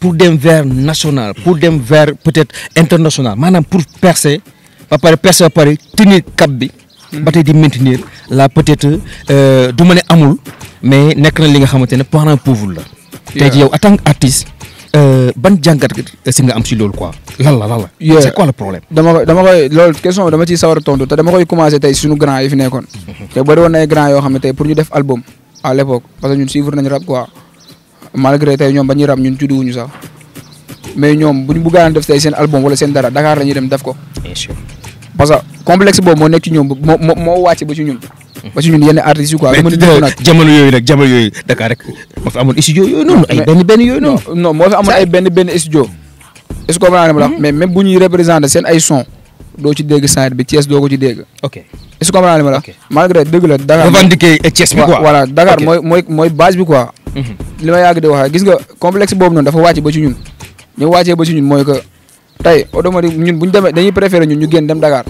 pour dem vers national pour dem vers peut-être international maanaam pour percer ba pare percer ba pare tenir cap bi. Hmm. ba tey di maintenir la peut-être euh, du ma ne amul mais nekk na li nga xamante ne parent pauvre la. tey jii yow en tant qu'artiste. Euh, ban jàngat si nga am si loolu quoi. lan la c'est quoi le problème. dama koy loolu question dama ciy sawar tontu te dama koy commencé tey suñu grand yi fi nekkoon. te bëri woon na grand yoo xam ne tey pour ñu def album à l'époque parce que ñun suivre nañu rap malgré tey ñoom ba ñuy rab ñun judduwuñu sax mais ñoom bu ñu bëggoon def tey seen album wala seen dara Dakar la ñuy dem def ko. bien sûr parce que boobu moo nekk ci ñoom moo moo moo wàcce ba ci ñun. Hmm. ba ci ñun yenn artistes yi quoi. ay benn benn yooyu noonu. non ma la hmm. mais même bu ñuy représenté seen ay son doo ci dégg saa bi Thiès ko ci dégg. ok est-ce que comprendre ma la. malgré dëgg la Dakar. mooy mooy mooy base bi quoi. li ma yàgg di waxee gis nga complexe boobu noonu dafa wàcc ba ci ñun ñu wàccee ba ci ñun mooy que tey automatique ñun bu ñu demee dañuy préféré ñun ñu génn dem Dakar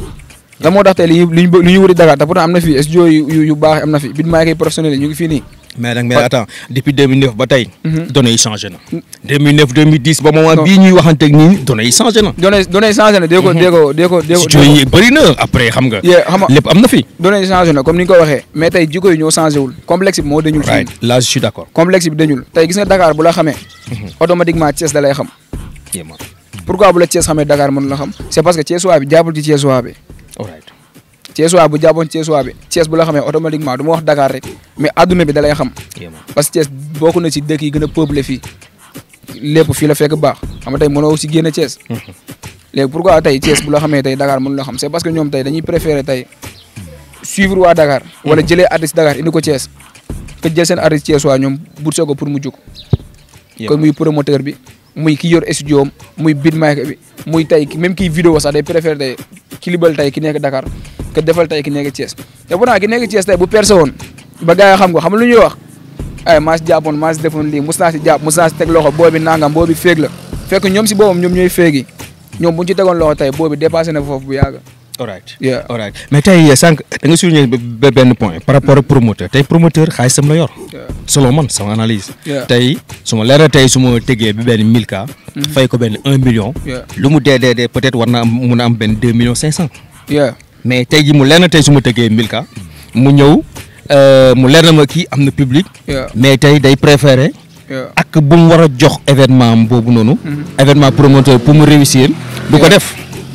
la moo tax tey li ñuy wuti Dakar te pourtant am na fii studio yu yu baax am na fi bit maa ngi professionnel ñu ngi fii nii mais nag mais attends depuis 2009 ba tay mhm. données changé na. 2009 2010 ba moment bii ñuy waxanteeg nii données changé na. données données changé na. dee ko mhm. dee ko dee ko dee yi bëri na après xam nga. lepp amna fi. données changé na comme ni ko waxé mais tay jikko ñoo changé wul. complexe bi moo dañul. right là je suis d'accord complexe bi dañul tay gis nga Dakar bu la xamé mhm. automatiquement ties da lay xam. pourquoi bu la ties xamé Dakar mën la xam. c'est parce que ties waa bi jàppul ci Thiès waa bi. all right. Thiès waa bu jàppoon Thiès waa bi Thiès bu la xamee automatiquement du ma wax Dakar rek mais adduna bi da lay xam. parce que Thiès bokk a ci dëkk yi gën a peuplé fii lépp fii la fekk baax xam nga tey mënoo si génn Thiès. léegi pourquoi tey Thiès bu la xamee tey Dakar mënu la xam c'est parce que ñoom tey dañuy préféré tey suivre waa Dakar. wala jëlee artiste Dakar indi ko Thiès. que jël seen artiste Thiès waa ñoom butsé ko pour mu jóg. kon muy promoteur bi. muy ki yor studio am muy beatmaker bi muy tey même kii vidéo sax day préféré tey kilibal tey ki nekk Dakar que defal tey ki nekk Thiès te bu ki nekk Thiès tey bu percé woon ba gars yi xam nga xam lu ñuy wax ay eh, maa si jàppoon maa defoon lii mos naa si jàpp mos naa si teg loxo boobi nangam boobi féeg la fekk ñoom si boobam ñoom ñooy féegi ñoom bu ñu ci tegoon loxo tey boobi dépassé na foofu bu yàgg. alright yeah alright mais tey eh, sànq da nga souligné benn point par rapport ak promoteur tey promoteur xaalisam la yor. selon man analyse. tey su ma leeral tey su ma tegee benn 1000K. Mm-hmm. fay ko benn un million. lu mu dee dee dee peut-être war na am mun a am benn 2 millions 500. mais tey ji mu leer tey su ma tegee 1000K mu ñëw euh, mu leer na ma kii am na public. mais tey day préféré. ak bu mu war a jox événement boobu noonu. Mm-hmm. événement promoteur pour mu réussir. du ko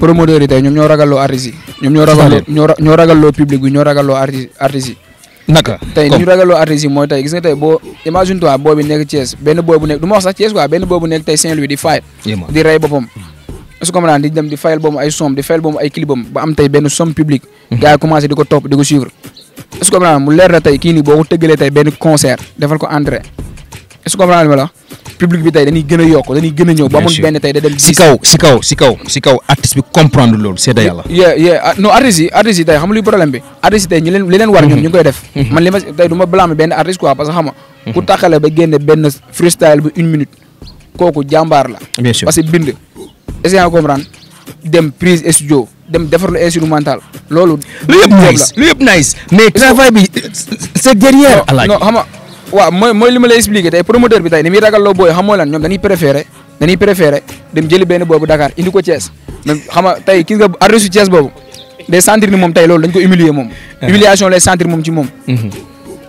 promoteurs yi tey ñoom ñoo ragalloo artistes yi. ñoom ñoo ragal ñoo ragalloo public bi ñoo ragalloo loo artistes yi. naka ñu ragalloo artistes yi mooy tey gis nga boo imagine toi boobu nekk Thiès benn boobu nekk du ma wax sax Thiès quoi benn boobu nekk tey Saint-Louis di fay. di rey boppam. su ko mënaan di dem di fayal boobu ay somme di fayal boobu ay clipam ba am tey benn somme publique. Mhm. gars yi commencé di ko topp di ko suivre. su ko mënaan mu leer la tey kii nii boo ko tëggalee tey benn concert defal ko entrée est-ce que comprendre ma la public bi tey dañuy gën a yokk dañuy gën ñëw. ba amoon benn tey da dem. si kaw si kaw si kaw si kaw artiste bi comprendre loolu seeta yàlla. yeah yeah ah, non artistes yi artistes yi tey xam nga luy problème bi artistes yi tey ñu leen li leen war ñoom mhm. ñu koy def. Mhm. man li ma tey du ma blâmer benn artiste quoi parce que xam mhm. ku taxale ba génne benn freestyle bu une minute kooku jàmbaar la. parce que bind. est waaw mooy mooy li ma lay expliqué tey promoteur bi tey ni muy ragalloo booy xam moo lan ñoom dañuy préféré dañuy préféré dem jëli benn boobu Dakar indi ko Thiès même xam nga tey ki nga adresse boobu day sentir ni moom tey loolu dañ ko humilier moom. Ah. humiliation lay sentir moom ci moom. Mhm.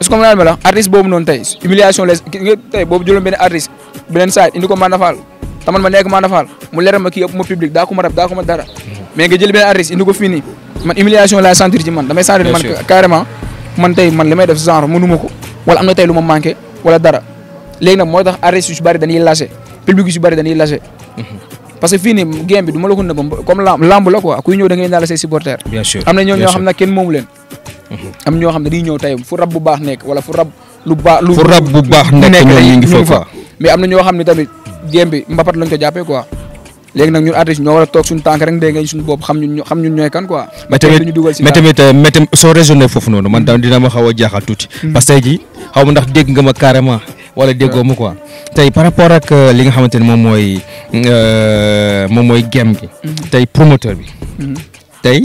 est-ce que ma la artiste boobu noonu tey humiliation lay tey boobu jëloon benn artiste ma nekk mu leeral ma kii ma public daa ma rab daa ma dara mhm. mais nga jël man tey man li may def genre mënuma ko wala am na tey lu ma manqué wala dara léegi nag mooy tax arrêt yu si bëri dañuy lâché public yu si bëri dañuy lâché. parce que fii nii game bi du ma la ko nëbb comme lamb lamb la quoi kuy ñëw da ngay supporter. am na ñoo xam ne kenn moomu am ñoo xam ne dañuy ñëw tey fu rab bu baax nekk wala fu rab. lu baax lu rab bu baax nekk ñu ngi fa mais am na ñoo xam ne tamit game bi mbapat lañ ko jàppee quoi. léegi nag ñun artistes ñoo war a toog suñu tànk rek dégg nga suñu bopp xam ñun xam ñooy kan quoi. Euh, mais tamit soo raisonné foofu noonu man tamit dina ma xaw a jaaxal tuuti. Hmm. parce que tey jii xaw ma ndax dégg nga ma carrément. wala déggoo ma quoi tey par ak euh, li nga xamante ne moom mooy euh, moom mooy game gi. Hmm. tey promoteur bi. Hmm. tey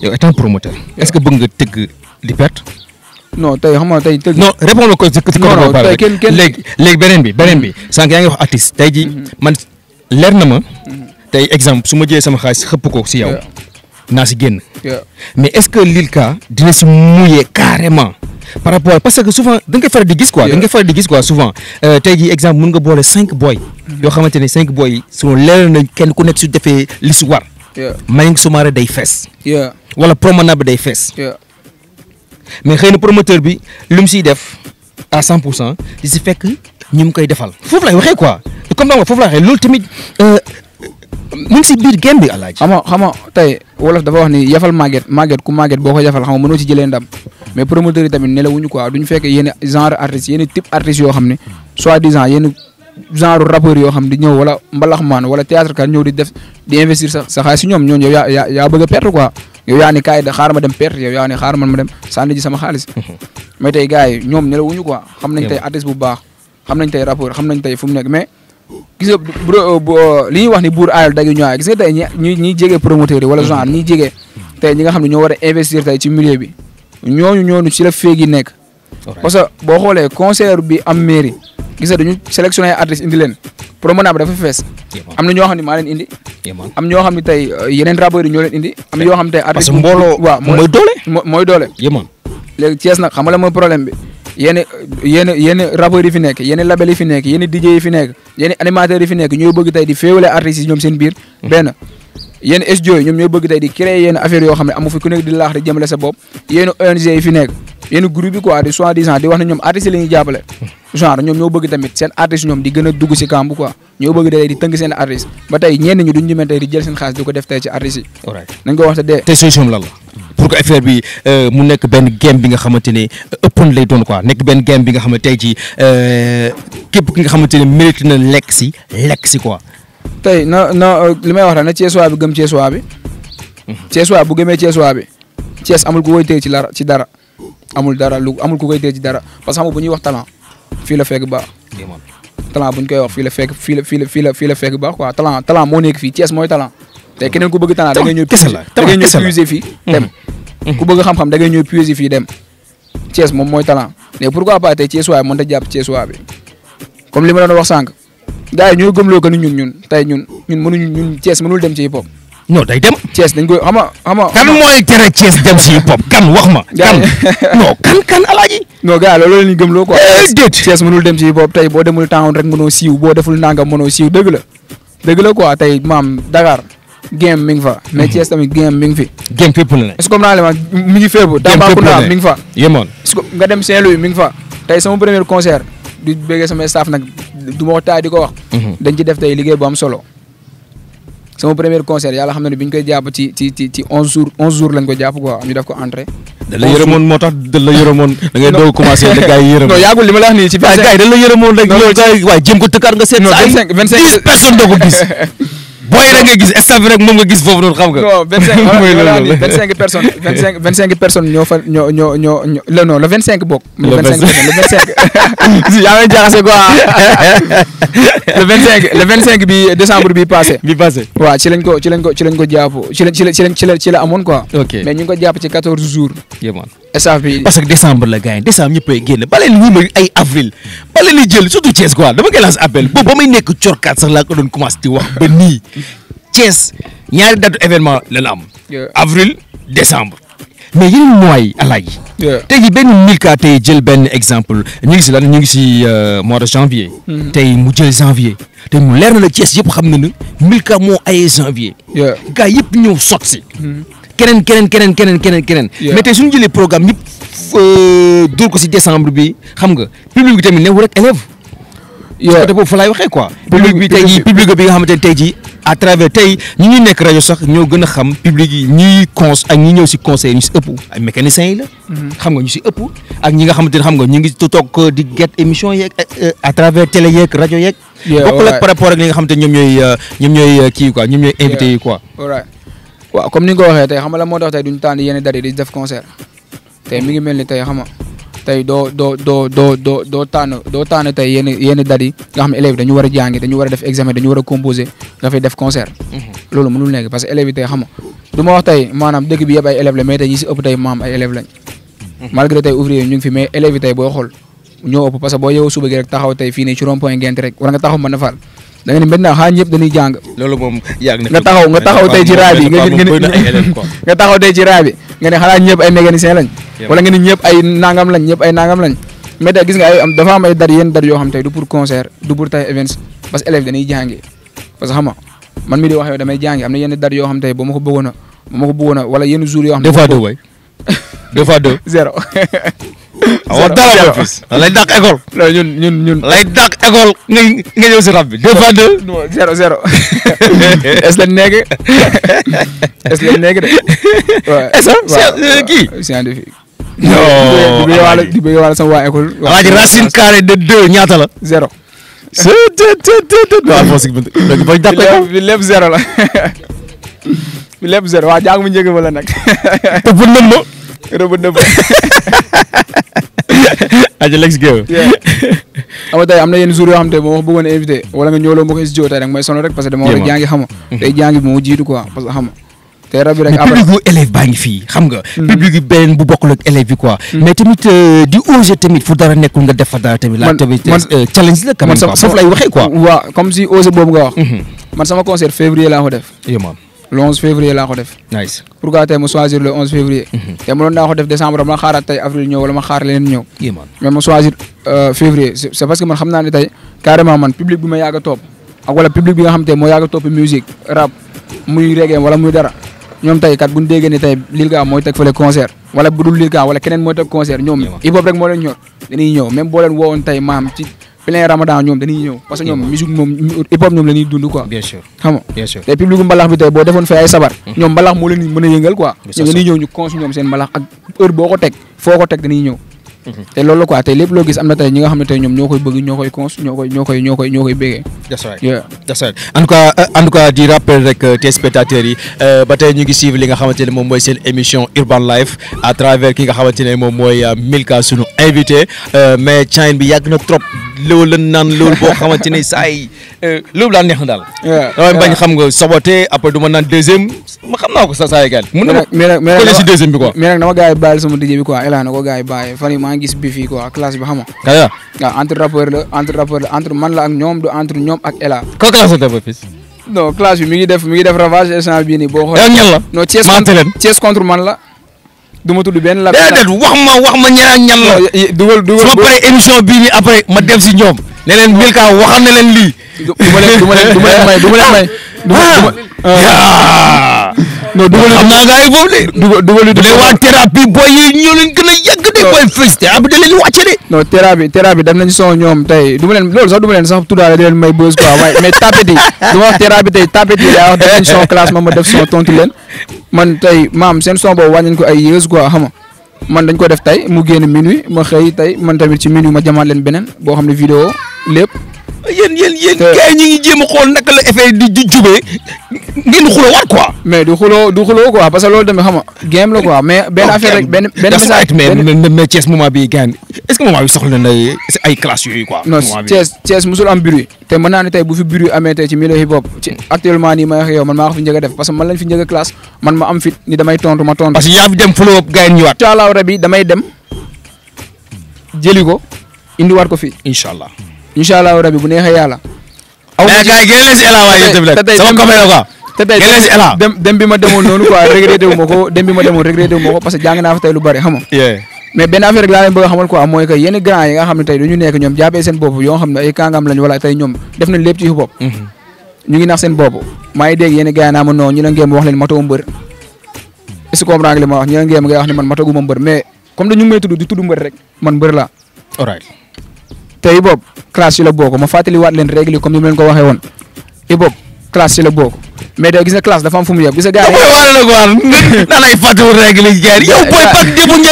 yow étant promoteur. est-ce que bëgg nga tëgg di perte. no tey xam nga tey tëgg. non répondre ko ci ci côté boobu. léegi léegi beneen bi beneen bi sànq yaa ngi wax tey jii man. leer mm-hmm. exemple su ma sama xaalis xëpp ko si yow. mais est-ce que Lilka dina carrément. par rapport parce que souvent da nga di gis quoi da di souvent euh, tey jii exemple mun nga boole cinq boy mm-hmm. yoo xamante ne cinq boy bois. ku li war. Soumaré day promenade day mais xëy promoteur bi lu def à 100%, pour cent di koy quoi. comprendre nga foofu laa waxee loolu tamit euh, mu ngi si biir game bi alaaj xam nga xam nga tey wolof dafa wax ni yafal màgget màgget ku màgget boo ko yafal xam nga mënoo si jëlee ndam mais promoteurs yi tamit nelawuñu quoi duñu fekk yenn genre artistes yenn type artistes yoo xam ne soi-disant yenn genre rappeurs yoo xam di ñëw wala mbalaxmaan wala théâtre kat ñëw di def di investir sax sa xaalis si ñoom ñooñu yow yaa yaa bëgg a perte quoi yow yaa ne kaay da xaar ma dem perte yow yaa ne xaar man ma dem sànni ji sama xaalis mais tey gars yi ñoom nelawuñu quoi xam nañ tey artiste bu baax xam nañ tey rappeur xam nañ tey fu mu nekk mais gis li ñuy wax ni buur aayal dagi ñooy gis nga tey ñi ñi jege promoteurs yi wala genre ñi jege tey ñi nga xam ne ñoo war a ci milieu bi ñooñu ñooñu ci la féegi nekk. parce que boo xoolee concert bi am mairie gis nga dañu sélectionné artistes indi leen promenade dafa fees. na ñoo xam ne maa leen indi. am ñoo xam ne tey euh, yeneen rappeurs yi ñoo leen indi. am na yoo xam ne tey artistes. parce que mbooloo mooy doole waaw mooy doole. léegi Thiès nag xam nga la mooy problème bi. yenn yenn yenn rappeurs fi nekk yenn label yi fi nekk yenn DJ yi fi nekk yenn animateurs yi fi bëgg tey di féewale le yi ñoom seen biir mm-hmm. benn yéen SDO yi ñoom ñoo bëgg tey di créer yenn affaire yoo xam ne amu fi nekk di laax di jëmale sa bopp yenn ONG yi fi nekk yenn groupe yi quoi di soi hmm. seen artistes a dugg si kamb quoi ñoo bëgg tey di tënk seen artistes ba tey ñenn ñi duñ ñu mën di jël seen xaalis di ko def tey ci artistes nañ ko wax te dee te solution lan la pour que affaire bi euh, mu nekk benn game bi nga xamante ne euh, ëppoon lay doon quoi nekk benn game bi nga xam ne euh, xamante ne na lekk si lekk si quoi tey na na li may wax rek na Thiessois bi gëm Thiessois bi. Thiessois bu gëmee Thiessois bi. Thiès amul ku koy téye ci dara ci dara amul dara lu amul ku koy téye ci dara parce que xam nga bu ñuy wax talent fii la fekk baax. talent bu ñu koy wax fii la fekk fii la fii la fii la fii la fekk baax quoi talent talent moo nekk fii Thiès mooy talent. tey keneen ku bëgg talent da ñëw da ngay dem. ku bëgg xam-xam da ngay ñëw puiser fii dem. Thiès moom mooy talent mais pourquoi pas tey Thiessois bi mënut a jàpp Thiessois bi comme li ma doon wax sànq. gars yi ñoo gëmloo que ni ñun ñun tey ñun ñun mënuñu ñun Thiès mënul dem ci hip hop. non day dem. Thiès dañ koy xama xama. kan mooy tere dem si hip hop kan wax ma. kan non kan kan alaaji. non gars loolu la ñuy ko quoi. Eh, déet Thiès mënul dem si hip hop tey boo demul temps rek mënoo siiw boo deful nangam mënoo siiw dëgg la dëgg la quoi tey maam Dakar. game mi ngi fa. mais mhm. Thiès tamit game mi ngi fi. game fépp la ne. comme naa leen wax mi ngi fépp. game fépp la mi ngi fa. yemoon est-ce nga dem Saint-Louis mi ngi fa. tey sama premier concert. du bëggee sama staff nag du ma ko taay di mhm. ci def tey liggéey bu solo. sama premier concert yàlla xam na koy jàpp ci onze jours onze jours lañ ko jàpp quoi def ko entrée. da la moo tax da la yërëmoon. doog commencé da gars yi yërëm. non yàggul ah, waaye jéem ko tëkkaat nga seet. non vingt cinq vingt gis. booy rek nga gis staff rek moom nga gis foofu noonu xam nga. non vingt cinq vingt cinq personnes vingt cinq personnes ñoo fa ñoo ñoo ñoo le non le vingt cinq bokk. le vingt cinq le bi décembre bi passé. bi ci la ko ci lañ ko ci lañ ko jàpp ci la ci la ci la ci la amoon quoi. ok mais ñu ngi ko jàpp ci quatorze jours. staff bi. parce que décembre la gars yi décembre ñëppay génn bale li ñu ay avril bale li jël surtout Thiès quoi dama koy lancer appel boobu ba may nekk corkaat sax laa ko doon commencé di wax ba nii Thiès ñaari date événement la am. avril décembre. mais yeneen mois yi alaaj tey jii benn milka tey jël benn exemple ñu ngi si lan ñu ngi si euh, mois de janvier. Mm-hmm. tey mu jël janvier. te mu leer na la Thiès yëpp xam na ni milka moo ayee janvier. gars yëpp ñëw sot si. Mm-hmm. keneen keneen keneen keneen keneen keneen. mais tey suñu jëlee programme yëpp si euh, décembre bi xam nga public bi tamit newul rek élève. yow côté boobu fa laay waxee quoi. public tey jii public bi nga xamante ne tey jii à travers tey ñi ñuy nekk rajo sax ñoo gën a xam public yi ñuy cons ak ñi ñëw si conseil ñu si ëpp ay mécaniciens yi la. Mm-hmm. xam nga ñu si ëpp ak ñi nga xamante ne xam nga ñu ngi toog euh, di get émission yeeg euh, à travers télé yeeg rajo yeeg. bokkul ak par rapport ak li nga xam ne ñoom ñooy ñoom ñooy kii quoi ñoom ñooy invité yi quoi. waaw comme ni nga waxee tey xam nga la moo tax tey duñu tànn yenn date di def concert tey mi mel ni tey xam nga doo doo doo doo doo doo tànn doo tànn tey yenn yenn date yi nga xam ne élèves dañu war a jàngi dañu war a def examen dañu war a composer nga fay def concert. Mhm. loolu mënul nekk parce que élèves yi tey xam nga du ma wax tey maanaam dëkk bi yëpp ay élèves la mais tey ñi si ëpp tey maam ay élèves lañ. Mhm. malgré tey ouvrier ñu ngi fi mais élèves yi tey boo xool ñoo ëpp parce boo yeewoo suba gi rek taxaw tey fii nii ci rond point Ngent da nga ni maintenant xaar ñëpp dañuy jàng. loolu moom yàgg na nga taxaw nga taxaw tey ci raa nga taxaw tey ci raa nga ne xanaa ñëpp ay mécanicien lañ. wala nga ni ñëpp ay nangam lañ ñëpp ay nangam lañ. am dafa am ay dar yoo xam tey du pour concert du pour tey events parce élèves dañuy jàngi parce que man mi di wax yow damay jàngi am na yenn dar yoo xam tey ba ma ko bëggoon a ba ma ko bëggoon a wala yenn jours yoo xam. deux fois deux zéro waaw dara mooy fils lay dàq école. ñun ñun ñun. lay dàq nga nga ñëw si rab bi. fois est est non di bëgg di bëgg sama école. waa racine carrée de deux ñaata la. zéro. c'est tout tout tout tout. waaw foofu léegi bañ dàq zero. bi lépp zéro la bi lépp rëbb nëbb. aja let's go. ama tey am na yenn jours yoo xam te moo wax bëggoon invité wala nga ñëwloo ma ko studio tey rek may sonal rek parce que dama war a jàngi xam nga mm-hmm. moo jiitu quoi parce que xam nga tey rab bi rek élève baa ngi fii xam nga mm-hmm. public bu bokkul ak élève bi quoi mm-hmm. mais tamit euh, di osé tamit fu dara nekkul nga def fa dara tamit la tamit euh, challenge la quand même quoi lay waxee quoi waaw comme si osé boobu nga wax man sama concert février laa ko de le 11 février laa ko def. nice pourquoi tey ma choisir le 11 février. Mhm. tey ma doon naa ko def décembre ma xaaraat tey avril ñëw wala ma xaar leneen ñëw. mais ma choisir euh, février c' parce que man xam naa ne tey carrément man public bi ma yàgg a topp public bi nga xam te moo yàgg a topp musique muy reggae wala muy dara ñoom tey kat bu ñu ne tey Lil Ka mooy teg fële concert. wala budul Lil Ka wala keneen mooy teg concert ñoom. hip rek moo leen plein ramadan ñoom dañuy ñëw parce que ñoom mm-hmm. musique moom hip hop ñoom la ñuy dund quoi bien sûr xam nga bien sûr te public bu mbalax bi tey boo defoon fee ay sabar mm-hmm. ñoom mbalax moo leen mën a yëngal quoi ñoom dañuy ñëw ñu cons ñoom seen mbalax ak heure boo ko teg foo ko teg dañuy ñëw mm-hmm. te loolu la te lépp loo am na tey ñoom ñoo koy bëgg ñoo koy cons ñoo koy ñoo koy ñoo koy ñoo euh, di rappel rek euh, tes spectateurs yi euh, ba tey ñu ngi suivre li nga xamante ne moom mooy seen émission Urban Life à travers ki xamante ne moom mooy Milka sunu invité mais bi yàgg na trop loolu lan naan boo xamante ne saa yi euh, loolu daal neex na daal. damay bañ xam nga saboté après du ma naan deuxième ma xam naa ko sa saa yi gàll. na ma collé si deuxième bi quoi. mais nag dama gars yi bàyyi sama DJ maa gis bi fii quoi classe bi xam kaya entre rappeur la entre man la ak ñoom du entre ñoom ak Ela. ko classe la non classe bi mi ngi def mi ngi def ravage boo. xoolee ak ñan la. contre man la. du ma tudd benn label déedéet wax ma wax ma ñeneen ñan la. dugal dugal su ma paree émission bii nii après ma dem si ñoom. ne leen Milka waxal na leen lii. du ma leen du ma leen may du ma leen non dugal xam naa gars yi foofu de. ñoo leen gën a yàgg de. booy feste ab da leen nañ son ñoom tey du ma leen loolu sax du ma leen sax tuddaale di leen may buzz quoi waaye ma wax thérapie tey tapet ma def son tontu leen man tey maam seen son boobu wàññi ko ay yees quoi xam nga man dañ ko def tey mu génn minuit ma xëy tey man tamit ci minuit ma jamaat leen beneen boo xam ne vidéo lépp yéen yéen yéen gars yi jéem a xool naka la effet di di ngeen xuloo war quoi. mais du xuloo du xuloo quoi parce que loolu tamit xam nga game la quoi mais. benn affaire rek benn benn message. mais mais Thiès moment bii gars est ce que na ay classes yooyu quoi. musul am bruit. te mën naa ne tey bu fi bruit amee tey ci milieu hip hop ci actuellement nii may wax yow man maa ko fi njëkk a def parce que man lañ fi njëkk a classe man ma am fit ni damay tontu ma tontu. parce que dem fuloo gars yi ñëwaat. incha allah rabi damay dem jëli ko indiwaat ko incha allah inshallah rabbi bu neexee yalla aw ma ci mais si Ela waaye yéen tamit sama ko copain quoi. te tey dem dem bima demone demoon quoi regretté wu mako dem bima demone demoon regretté wu mako parce que jàng naa fa tay lu bari xam nga mais ben affaire rek la leen bëgg xamal quoi moy que yene grand yi nga xamni tay duñu nekk ñom jabe sen bop yoo xam ne eh, ay kangam lañ wala tay ñom def nañ lepp ci hip mhm. hop ñu ngi nax sen bop may ngi dégg yenn gars yi ma non ñu la ngeem wax leen matoo mbeur est-ce que comprendre li ma wax ñu la ngéem ngay wax ni man mato mataguma mbeur mais comme dañu may tuddu di tuddu mbeur rek man mbeur la alright te Ibob classe yi la bokk ma fàttaliwaat leen règle yi comme ni leen ko waxee woon Ibob classe yi la bokk mais da gis nga classe dafa am fu mu yem gis nga gars yi. waaw waaw waaw nan ay fàttaliwul règle yi gars yi bi julli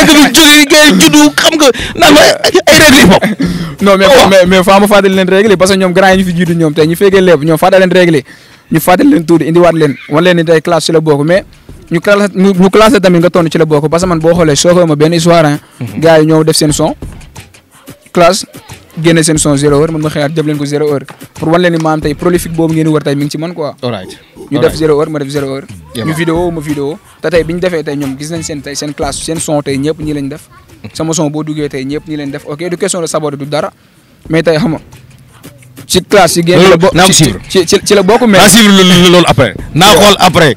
gars yi juddu xam nga nan ma ay règle leen règle ñoom grand yi ñu fi jiitu ñoom tey ñu fekkee lépp ñoom leen règle yi ci la book mais ñu classé ñu classé tamit nga tontu ci la bokk parce que man boo xoole soo ko ma benn histoire ah. gars yi ñoo def seen son classe génné sen son 0 heure mën ma xëyaat def leen ko 0 heure pour wan leen ni maam tay prolifique bobu ngeen war tay mi ngi ci man quoi. right ñu def zéro heure ma def zéro heure. Mm. ñu vidéo ma vidéo ta tay bi défé tay ñom gis nañ sen tay sen classe sen son tay ñëpp ñi lañ def. sama son bo duggé tay ñëpp ñi lañ def ok du question de saboter du dara mais tay xam ci classe yi. génn la bo ci ci la bokku mais. naa suivre loolu après. na xol après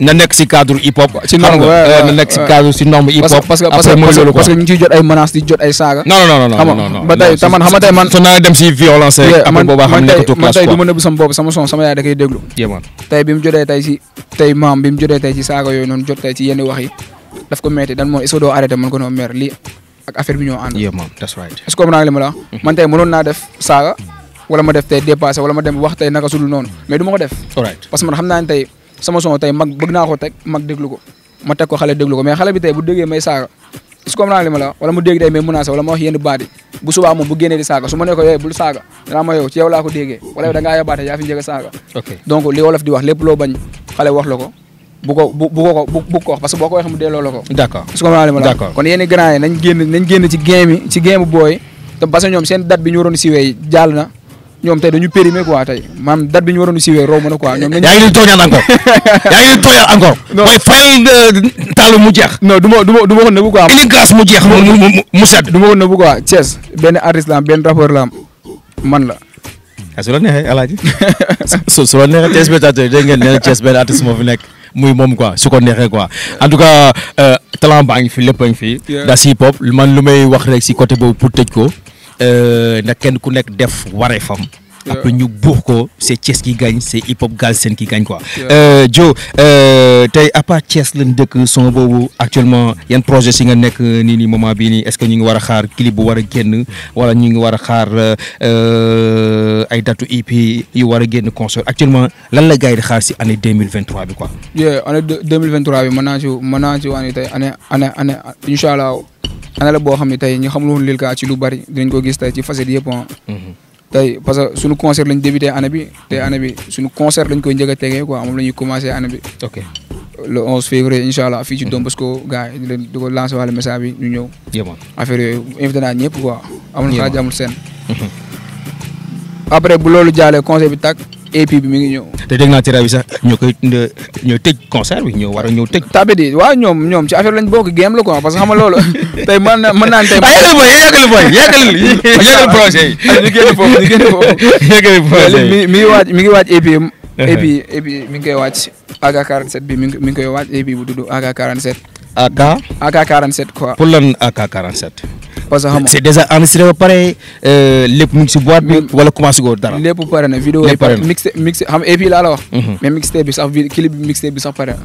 na nek ci cadre hip hop. ci nom na nek ci cadre ci nom hip hop. parce que parce que parce que ñu ci jot ay menaces di jot ay saga non non non non ba tay ta man xama tay man. su dem ci violence ay am bobu xam nek tu classe quoi man tey du sama bobu sama son sama yaay da kay deglu jéemaan tey bi mu jotee tey si tey maam bi mu jotee tey si saaga yooyu jot tay ci yene wax yi daf ko metti dan mo iso do arrêté man ko no mer li ak affaire bi ñoo and ànd. jéemaan that's right. est-ce que comprendre li ma la mm-hmm. man tay mënon na def saga wala ma def tay dépasser wala ma dem wax tay naka sulu non mais duma ko def. all right parce que man xam naa ne sama son tey mag bëgg naa ko teg mag déglu ko ma teg ko xale déglu ko mais xale bi tey bu déggee may saaga su comprendre li ma la wala mu dégg day may menacé wala ma wax yenn baat bu subaa moom bu génnee di saaga su ma yooyu bul saaga danaa ma yow ci yow laa ko a saaga donc li wolof di wax lépp loo bañ xale wax la ko bu ko bu bu ko bu ko wax parce boo ko waxee mu delloo la ko d'accord su comprendre kon yenn grand nañ génn nañ génn ci game booy te ñoom seen na ñoom tey dañu périmé quoi tey maanaam date bi ñu waroon siiwee romb na quoi. ñoom yaa ngi leen tooñal encore yaa ngi leen tooñal encore. non mooy fay euh, taalu mu jeex. non du ma du ma du ma ko nëbu quoi. élégance mu jeex mu sedd. du ko nëbu quoi Thiès benn artiste la rappeur la man la. ah su la neexee alaaji su su la neexee téléspectateur yi ngeen ne Thiès benn artiste moo fi nekk muy mom quoi su ko neexee quoi en tout cas euh, talent baa fi lépp a fi. si hip hop man wax rek côté pour ko. Euh, na kenn ku nekk def wareefam après ñu buux ko c'est est qui gagne c'est hip hop Galsen qui gagne quoi. Euh, Joe euh, t'as à part Thiès lañ dëkk son boobu actuellement yan projet si nga nekk ni nii moment bii est ce que ñu ngi war a xaar clip bu war a wala ñu ngi euh, ay datu EP yu war a concert actuellement lan la gars di xaar année 2023, bi quoi. yeah année 2023, mille vingt trois bi mën ci mën ci wax ni année année année incha année la boo ñu Lil Ka ci lu bari dinañ ko gis tey ci tey parce que suñu concert lañ débuté année te année bi concert lañ koy njëkk a tegee quoi moom la ñuy commencé le février incha allah fii ci Don Bosco gars yi bi ñu ñëw. yéen affaire naa ñëpp quoi. amul xaaj amul seen. Mhm. après bu loolu jàllee concert bi tàkk. EP bi mi ngi ñëw. te dégg naa ci rajo bi sax ñoo koy ñoo tëj concert bi ñoo war a ñëw tëj. tabe di waaw ñoom ñoom ci affaire lañ bokk game la quoi parce que xam nga loolu tey mën na mën naan tey. ah yàggal booy yàggal booy yàggal yàggal projet yi. ñu génn foofu ñu génn foofu. yàggal projet yi mi ngi waaj mi ngi waaj EP am. EP EP mi ngi koy waaj AK 47 bi mi ngi mi ngi koy waaj EP bu tudd AK 47. AK. AK 47 quoi. pour lan AK 47. parce que xam c'est déjà enregistré ba pare euh, lépp mu ngi bi wala commencé ko dara. lépp pare na vidéo yi pare mix mix xam laa la wax. Mhm. mais mixtape bi sax pare na.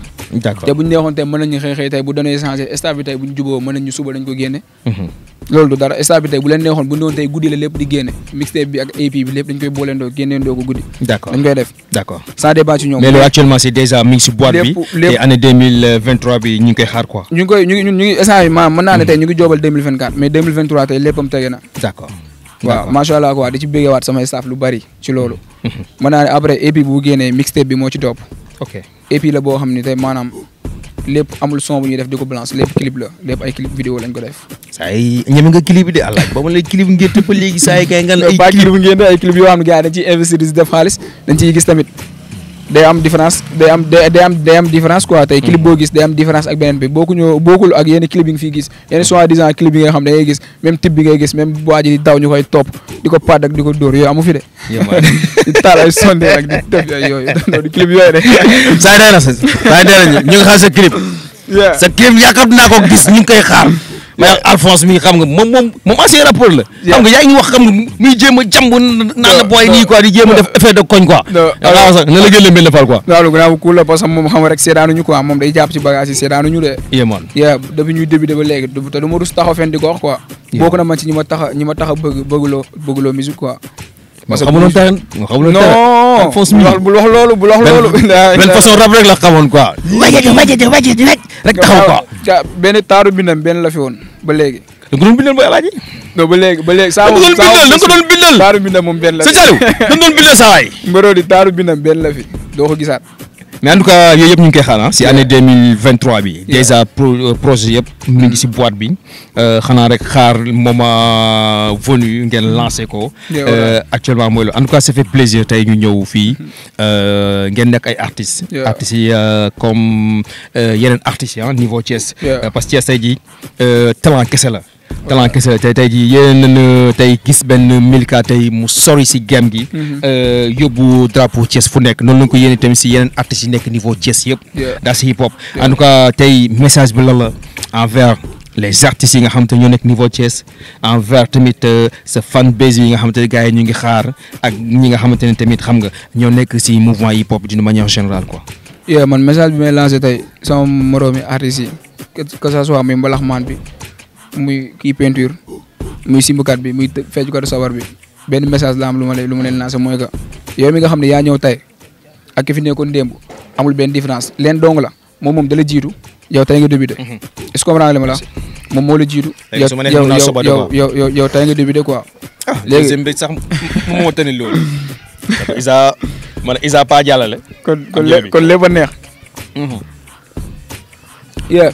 te bu neexoon tey mën nañu xëy xëy tey bu doonee changé stade bi bu ñu juboo mën nañu suba dañ ko génne. Mhm. loolu dara stade bi bu leen neexoon bu ñu doon guddi la lépp di génne mixtape bi ak EP bi lépp dañ koy booleendoo génneendoo ko guddi. dañ koy def. d'accord sans débat ci ñoom. mais loolu actuellement te année ngi koy 2023 tey léppam tege na. d'accord waaw macha allah quoi di ci béggewaat samay staff lu bari ci loolu. mën après EP bu génnee mixtape bi moo ci topp. ok la boo xam ne tey maanaam lépp amul son bu def di ko balance lépp clip la lépp ay clip vidéo lañ ko def. saa yi nga clip de allah ba ma lay clip ngeen tëpp léegi saa kay nga ay clip ngeen ay clip yoo xam ne gars dañ ciy investir def xaalis dañ ciy gis tamit. day am différence day am day am day am différence quoi tey clip hmm. boo gis day am différence ak beneen bi boo ko ak yenn clip yi nga xam da gis même type ngay gis même waa ji di daw ñu koy topp di ko pàdd di ko dóor yooyu amu fi de. di taal ay sonde ak na sa saa ñu nga sa clip. sa clip yaakaar ko gis ñu koy xaar. mais Alphonse mii xam nga moom moom moom a rapport la. xam nga yaa ngi wax xam nga muy jéem a jàmb naan la booy nii quoi di jéem a def effet de koñ quoi. waaw sax na la gën leen benn fal quoi. waaw gannaaw ku la parce que moom xam nga rek seedaanuñu quoi moom day jàpp ci bagage yi seedaanuñu de. yéemoon yaa depuis ñuy débuté ba léegi te du ma rus taxaw fenn di ko wax quoi. na man ci ñi ma tax a ñi ma tax a bëgg bëggloo parce que xamuloon terrain xamuloon terrain fausse mi bu wax loolu bu wax loolu. benn façon rab rek la xamoon quoi. wajjati wajjati wajjati rek. rek taxaw quoi. ca benn taaru bindam benn la fi woon ba léegi. da nga ko doon bindal booy alaaji. non ba léegi ba léegi. saa moom saa moom da nga ko doon bindal da nga ko doon bindal. taaru bindam moom benn la fi. sëñ Saliou da nga doon bindal saa waay. mbëroo di taaru bindam benn la fi doo ko gisaat. mais en tout cas yooyu yëpp ñu ngi koy xaar ci ah, année 2023 bi. déjà euh, projet yëpp. ñu ngi ci boîte bi. euh xana rek xaar moment venu ngeen lancé ko. euh actuellement mooy loolu en tout cas ça fait plaisir tay ñu ñëw fi mm-hmm. euh ngeen nek ay artistes. artistes yi euh, comme euh, yenen artistes yi ah, niveau Thiès. parce que Thiès tey jii talent kese talent kese tey tey jii yéen na tey gis benn Milka tey mu sori si game gi. Mhm. Euh, yóbbu drapeau Thiès fu nekk noonu la ko yéene tamit si yeneen artistes yi nekk niveau Thiès yëpp. daal si hip hop en tey message bi lan la envers les artistes yi nga xam te ñoo nekk niveau Thiès envers tamit euh, sa fan base yi nga xam te gars yi ñu ngi xaar ak ñi nga xamante ne tamit xam nga ñoo nekk si mouvement hip hop d'une manière générale quoi. man message bi may lancé tey sama moroomi artistes yi que ça soit muy mbalaxmaan bi. muy kii peinture muy simbukat bi muy feccukat sabar bi benn message la lu ma leen lu ma leen lancé mooy que yow mi nga xam ne yaa ñëw tey ak ki fi nekkoon démb amul benn différence leen dong la moom moom dala jiitu yow tey nga débuté. Mhm. est-ce que comprendre ma la moom moo la jiitu. yow yow nga débuté ah, kon kon kon a neex. Mhm. yeah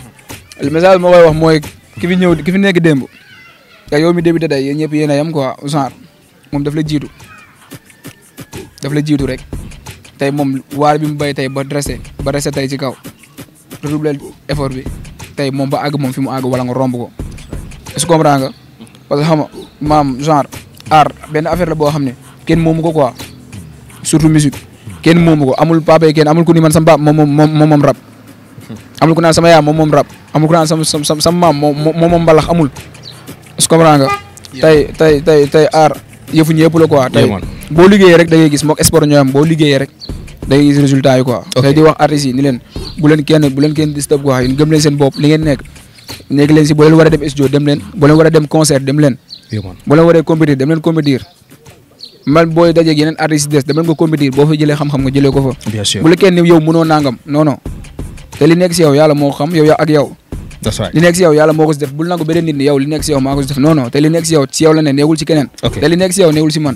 le message moo koy wax mooy. ki fi ñëw ki fi nekk démb ak yow mi débuté day yéen ñëpp yéen a yem quoi genre moom daf la jiitu daf la jiitu rek tey moom waar bi mu bay tey ba dressé ba dressé tey ci kaw redoublé effort bi tey moom ba àgg moom fi mu àgg wala nga romb ko est-ce que nga parce que xam nga maam genre art benn affaire la boo xam ne kenn moom ko quoi surtout musique kenn moomu ko amul papa kenn amul ku ni man sama papa moom moom moom rap amul ku naan sama yaay moom moom rab amul ku naan sama sama sama maam moom moom mbalax amul. su comprendre nga aar yëfu ñëpp la boo liggéeyee rek da ngay gis mook sport ñooy am boo liggéeyee rek da résultat yi quoi. tey di wax artistes yi ni leen bu leen kenn bu leen kenn disturb quoi yéen gëm leen seen bopp li ngeen nekk. nekk leen si boo leen war a dem studio dem leen boo war a dem concert dem leen. boo leen war a dem leen compétir. man booy dajeeg yeneen artistes des dem leen ko boo fa jëlee xam-xam nga jëlee ko fa. bien sûr bu la kenn yow mënoo nangam non te li nekk si yow yàlla moo xam yow ya ak yow li nekk si yow yàlla moo ko si def bul nangu beneen nit ni yow li nekk si yow maa ko si def non non te li nekk si yow si yow la ne neewul si keneen te li nekk si yow neewul si man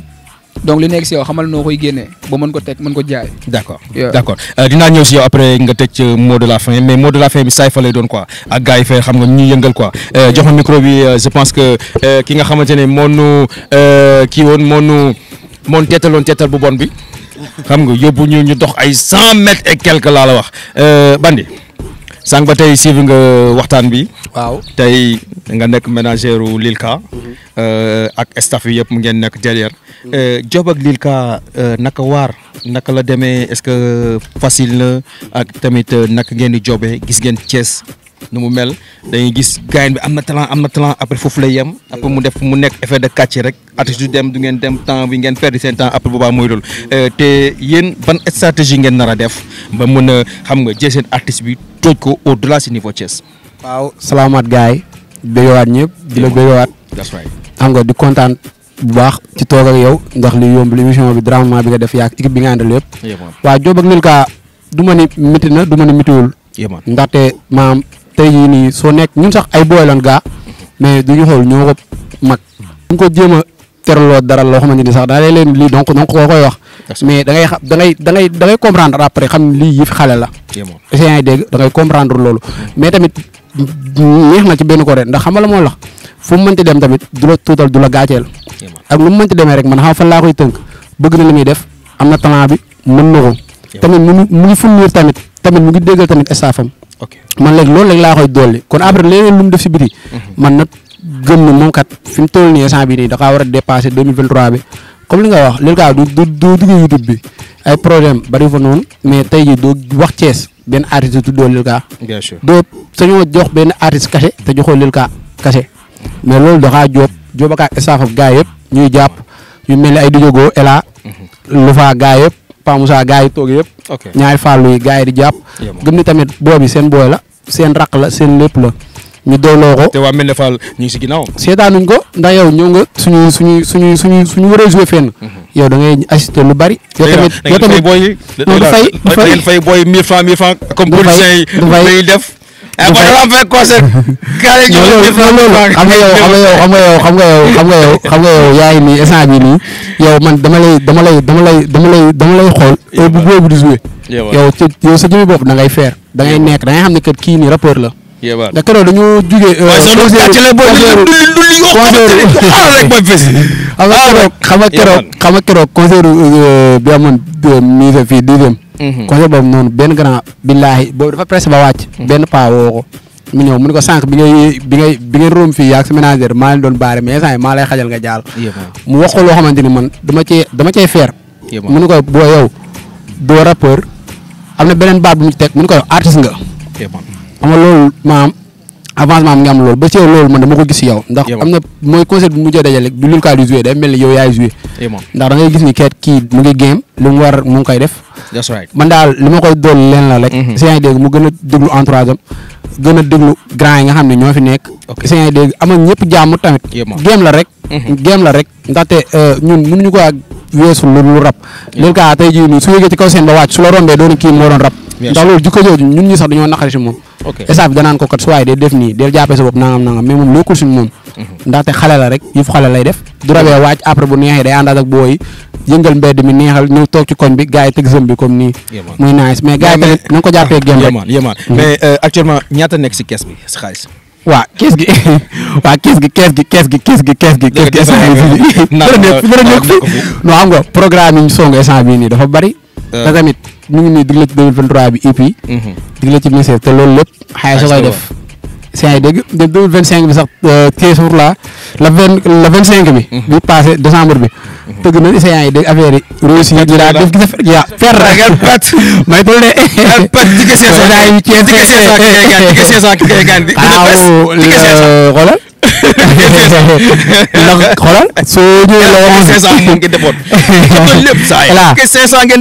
donc li nekk si yow xamal noo koy génnee ba mën ko teg mën ko jaay. d' accord d' accord euh, dinaa ñëw si yow après nga teg euh, mot de la fin mais mot de la fin bi saay fa lay doon quoi ak gars yi fee xam nga ñuy yëngal quoi euh, jox ma micro bi je pense que ki nga xamante ne moo nu kii woon moo nu moo nu teetaloon teetal bu bon bi. xam nga yóbbu ñu ñu dox ay cent mètres et quelque laa la wax euh, Bandi sànq ba tey suivi nga waxtaan bi. waaw tey nga nekk ménagère u Lilka. Mhm. Euh, ak staff yi yëpp mu ngeen nekk derrière. Mhm. Euh, job ak Lilka naka waar naka la demee est-ce que facile na ak tamit naka ngeen di jobee gis ngeen Thiès nu mu mel dañuy gis gain bi am na talent am na talent après foofu lay yem après mu def mu nekk effet de quartier rek artiste du dem du ngeen dem temps bi ngeen perdre seen temps après boobaa mooy loolu euh, te yéen ban stratégie ngeen nar a def ba mën a xam nga jël seen artiste bi toj ko au delà si niveau chess. waaw salaamaat gaay yi béyowaat ñëpp di la béyowaat xam nga di kontaan bu baax ci toog ak yow ndax li yomb li émission bi drama bi nga def yaak équipe bi nga àndal yëpp waaw Diop ak Nilka Ka du ma ni métti na du ma ni méttiwul ndaxte maam tey ni so nek ñun sax ay boy lan ga mais duñu xol ñoko ñoo ko mag ñu ko jema terlo dara lo xamante ni sax da lay leen li donc donc koo koy wax mais da ngay da ngay da ngay da ngay comprendre après xam lii yëf xalé la c'est un dégg da ngay comprendre lolu mais tamit neex na ci ben ko ren ndax xamala mo lax fu mën ti dem tamit du la tuutal du la gatchel ak lu mën ti demé rek man xam fan laa koy teunk bëgg na li def amna talent bi mën nako tamit mu ngi mu ngi tamit tamit mu ngi déggal tamit estafam man léegi loolu lañ laa koy dolli kon après leneen lu mu def si biti mhm. man nag gëm na moom kat fi mu toll nii instant bii nii da kaa war a dépassé 2023 bi comme li nga wax Lil Kaaw du du du dugg YouTube bi ay problème bari fa noonu mais tey jii doo wax cees benn artiste tuddoo Lil Kaaw. bien sûr doo sañoo jox benn artiste kase te joxoo Lil ka kase mais loolu da kaa jóob jóob ak staff gaa yëpp ñuy jàpp ñu mel ni ay Diogo Ela. Mhm. Lufa gaa yëpp. Pa Moussa gars yi toog yëpp. ñaari fàllu yi gars yi di jàpp. gëm ni tamit boobi seen booy la seen raq la seen lépp la. ñu dooloo ko te waa Mbène Fall ñu ngi si ginnaaw. seetaanuñ ko ndax yow ñëw nga suñu suñu suñu suñu suñu war a joué fenn. Mhm. yow da ngay lu bari. yow tamit yow tamit da ngeen fay booy yi da ngeen fay booy yi mille francs mille francs comme policiers def. ah kon xam nga yow xam nga yow xam nga yow xam nga yow xam yaay nii instant nii yow man dama lay dama lay dama lay dama lay dama lay xool. yow bu boobu di joué. yow sa yow sa jëmmi bopp da ngay faire da nekk da ngay xam ne kat kii nii rappeur la. yéen da keroog dañoo jugee. waaye soo doon tàccale booy du du du yoo xam nga keroog xam nga keroog bi amoon musée fii dixième Mhm. conseil boobu noonu benn grand billaahi boobu dafa presse ba wàcc. Mhm. benn paa woo ko mu ñëw mu ne ko sànq bi ngay bi ngay bi ngay róom fii yaag sa ménagère maa leen doon baare mais instant maa lay xajal nga jaal. mu wax ko loo xamante ni man dama cee dama cee feer. mu ne ko boo yow doo rappeur am na beneen baat bu mu teg mu ne ko yow nga. xam nga loolu maam avancement bi nga am loolu ba ci yow loolu man dama ko gis yow ndax am na mooy concert bi mu mujjee dajale du lul kaa di joué day mel ni kii mu ngi game lu mu koy def that's right man ma koy dool leen la rek mm-hmm. si yaa ngi a déglu entourage am yi nga xam ne ñoo fi nekk si yaa ngi dégg jàmm tamit game la rek mm-hmm. la rek ndaxte euh, ñun lu kaa tey jii nii su yëgee ci kaw seen ba wàcc su la rombee doona kii moo doon rap ndax loolu jikko jooju ñun ñi sax dañoo naqari si moom staff bi danaan ko kat su waay def nii del jàppee sa bopp nangam nangam mais moom nekkul suñ moom mhm. ndaxte xale la rek yëfu xale lay def du rabee wàcc après bu neexee day àndaat ak booy yëngal mbedd mi neexal ñëw toog ci koñ bi gars yi teg sëm bi comme nii muy nice mais gars yi tamit mhm. euh, nekk si kees bi si xaalis waa kees gi waa kees gi kees gi kees gi kees gi kees gi kees gi essence bi dara nekk fi non xam nga programme yi ñu song essence nii dafa bari euh. te tamit mi ngi nii digle ci 2023 bi EP. Mhm. digle ci message te loolu lépp. xaay sa koy def. si ay dégg de bi sax kii suuf la la vingt la vingt cinq bi. Mhm. bi passé décembre bi. Mhm. tëgg na si ay dégg affaire yi. daa def gis nga fer rek. nga pat may toll de. nga pat di ko seesaa daay di ko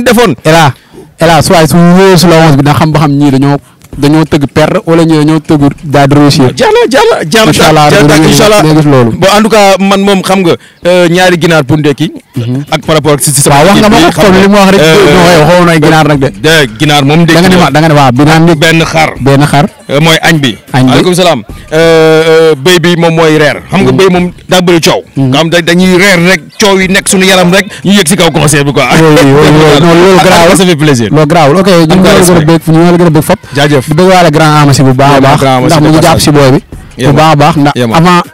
defoon. hélas waaye su wóor su la xam ba xam dañoo dañoo tëgg per wala ñoo ñoo tëgg daad rossier jaala jaala jaala inshallah inshallah bo en tout cas man mom xam nga euh, ñaari ginaar pour ndeki mhm. ak par rapport ci ci sama wax nga ma ko comme li mu wax rek no xaw na ginaar nak de de ginaar mom ndeki da nga ni ma da nga ni wa bi ben xar ben xar euh, moy agn bi alaykum salam euh, euh bey bi mom moy reer xam nga mhm. bey mom da beul ciow mhm. nga xam dañuy reer rek ciow yi nek suñu yaram rek ñu yek ci kaw concert bi quoi non lo graw ça fait plaisir lo graw ok ñu ngi gëna bëgg ñu ngi bëgg fop jajeuf jërëjëf di bëgg waale grand amasi bu baax a baax ndax mu ngi jàpp si bi bu baax a baax ndax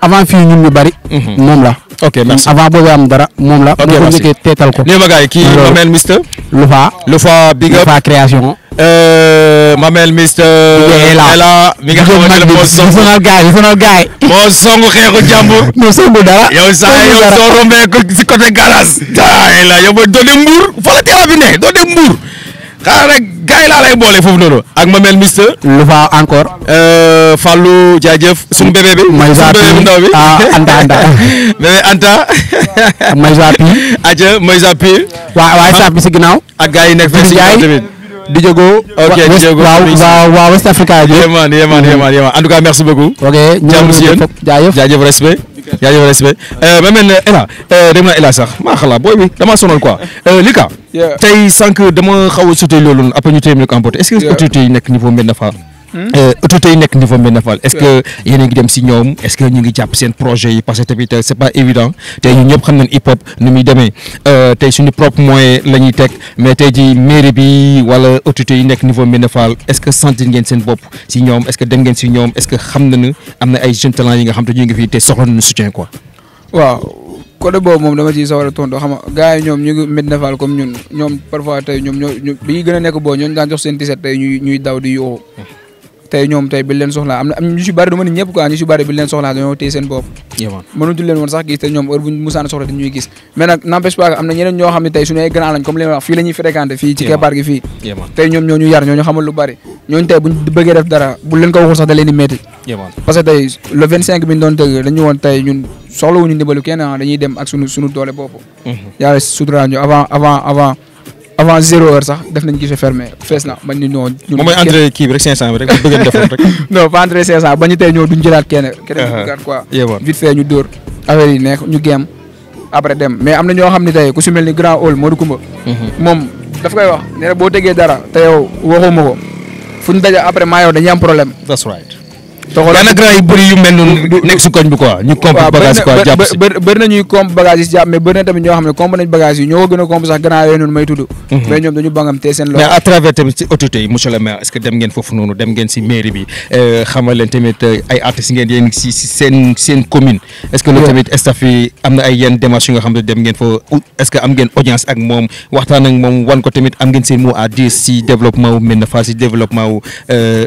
avant fii ñun ñu bari mhm. moom la ok merci avant boobu am dara moom la mu ko njëkkee teetal ko ma gars yi kii ma mel mister big up Lufa création euh, ma mel mister Ela mi nga xamante ne moo moo song xeexu jàmbur moo song dara yow saa yow soo rombee si côté garage daa la yow ba doo dem mbuur fa la teewa bi ne doo xaaral rek gars yi boole foofu noonu ak ma mel mister. lu fa encore. Euh, Fallou jaajëf. suñu bébé bi suñu bébé bu ndaw bi ah, Anta Anta. bébé Anta. Maysa Pi. Adja Maysa Pi. waaw bi si ak gars yi nekk fii si ginnaaw tamit. di jógoo. ok di jógoo waaw waaw West Africa. yéemaan yéemaan yéemaan en merci beaucoup. ok ñu ngi jaajëf respect. jaajëf respect euh, euh, ma mel ne Ela dem Ela sax maa xalaat booy bi damaa sonal quoi euh, Lika. tey sànq dama xaw a sotee loolu après ñu téye nekk emporté est-ce que autorité nekk niveau Medina Fall autorités euh, yi nekk niveau Médina Fall est-ce que yéen a ngi dem si ñoom est-ce que ñu ngi jàpp seen projet yi parce que tamit euh, c'est pas évident tey ñu ñëpp xam nañ nu euh, am na ay jeunes talents yi nga xam te ñu ngi fi te soxla nañu soutien quoi. waaw côté boobu moom dama ciy sawar a tontu xam yi ñoom ñu ngi Médina Fall comme ñun ñoom parfois tey ñoom ñoo bi ñuy nekk boo ñooñu daan jox seen tiset tey ñuy ñuy daw di yooxu tey ñoom tey bi leen soxlaa am na ñu si bëri du ma ni ñëpp quoi ñu seen bopp mënutu leen woon sax gis te ñoom heure bu musaan soxla te ñuy gis mais nag n'empêche pas am na ñu yar ñoo xamal lu bëri ñooñu tey buñ bëggee def dara bu leen ko waxul sax da leen di métti parce le vingt cinq bi doon tëgg dañu woon tey ñun soxlawuñu ndimbalu ah dañuy dem ak suñu doole bopp mm-hmm. yàlla sutura avant avant avant zéro heure sax def nañ guichet fermé fees na man ñu ñoo. ñu moom mooy entrée kii rek 500 bi rek bëgg a defoon rek. non pas entrée 500 ba tey ñoo duñ jëlaat kenn. keneen fait ñu dóor affaire yi ñu géem après dem mais am na ñoo xam ne tey ku si ni grand hall Modou Koumba. Mhm. moom daf koy wax nee boo tegee dara te yow waxuma fu ñu daje après maa yow am problème. toxal grand yu bëri yu mel noonu nekk si koñ bi quoi ñu comp bagage quoi jàpp si bëri na ñuy comp bagage yi si jàpp mais bëri na tamit ñoo xam ne a comp mhm. ngeen foofu noonu dem ngeen si euh, euh, seen commune est-ce que loolu tamit staff am na ay yenn démarches yu nga xam ne dem ngeen foo est-ce que am ngeen audience ak moom waxtaan ak moom wan ko tamit am ngeen seen mot à dire si développement wu Médina Fall si développement wu euh,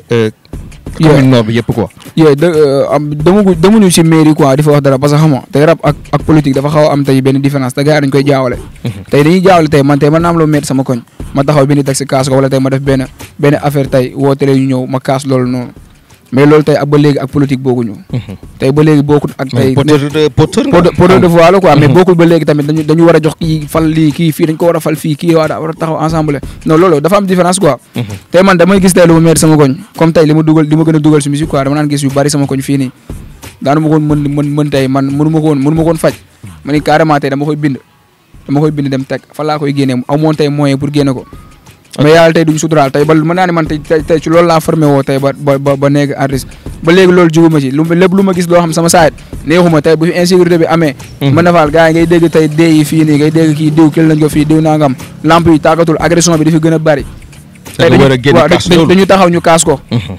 commune nord yëpp quoi. yooyu da euh, am dama demuñu si mairie quoi di fa wax dara parce que xam nga tey rab ak ak politique dafa xaw am tey benn différence te gars yi dañu koy jaawale. Mhm. tey dañuy jaawale tey man tey mën naa am loo sama koñ ma taxaw bi ni teg si kaas ko wala tey ma def benn benn affaire tey woote leen ñëw ma kaas loolu noonu mais loolu tey ak ba léegi ak politique bokkuñu. Mhm. tey ba léegi bokkut ak. tey porteur de voix la quoi. mais mhm. a fal lii kii fii a fal fii ensemble. non loolu dafa am différence quoi. Mhm. tey man ma meer sama koñ. comme tey li ma gën a dugal si musique quoi dama naan gis yu bari sama koñ fii daanu ma ko mën mën man mënu ma faj. ma ni carrément tey dama koy bind dama koy bind dem teg fan laa koy génnee amoon tey moyen pour génne ko ma yàlla tey duñu suturaal tey ba mën naa ne man tey tey ci loolu laa formé woo tey ba ba ba nekk artiste ba léegi loolu juguma ci lu lépp lu ma gis loo xam sama saayit neexuma tey bu fi insécurité bi amee hmm. mën na faal yi ngay dégg tey dee yi fii nii ngay dégg kii diw kil nañ ko fii diw nangam lamp yi tàkkatul agression bi dafi gën a bëri tey dañu taxaw ñu kaas ko hmm.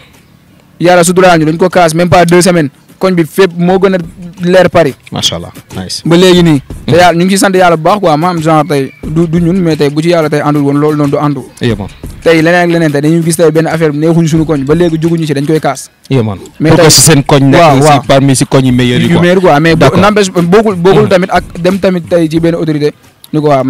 yàlla suturaal ñu dañ ko kaas même pas deux semaines koñ bi fépp moo gën a leer Paris. macha allah nice. ba léegi nii. Hmm. te yàlla ñu ngi sant yàlla bu baax quoi maam genre tey du ñun yàlla tey àndul woon loolu noonu du àndu. tey leneen gis benn affaire bi neexuñu suñu koñ ba léegi juguñu koy kaas. seen koñ nekk si parmi si koñ yu hmm. tamit ak dem tamit tey ci benn autorité. ni ko a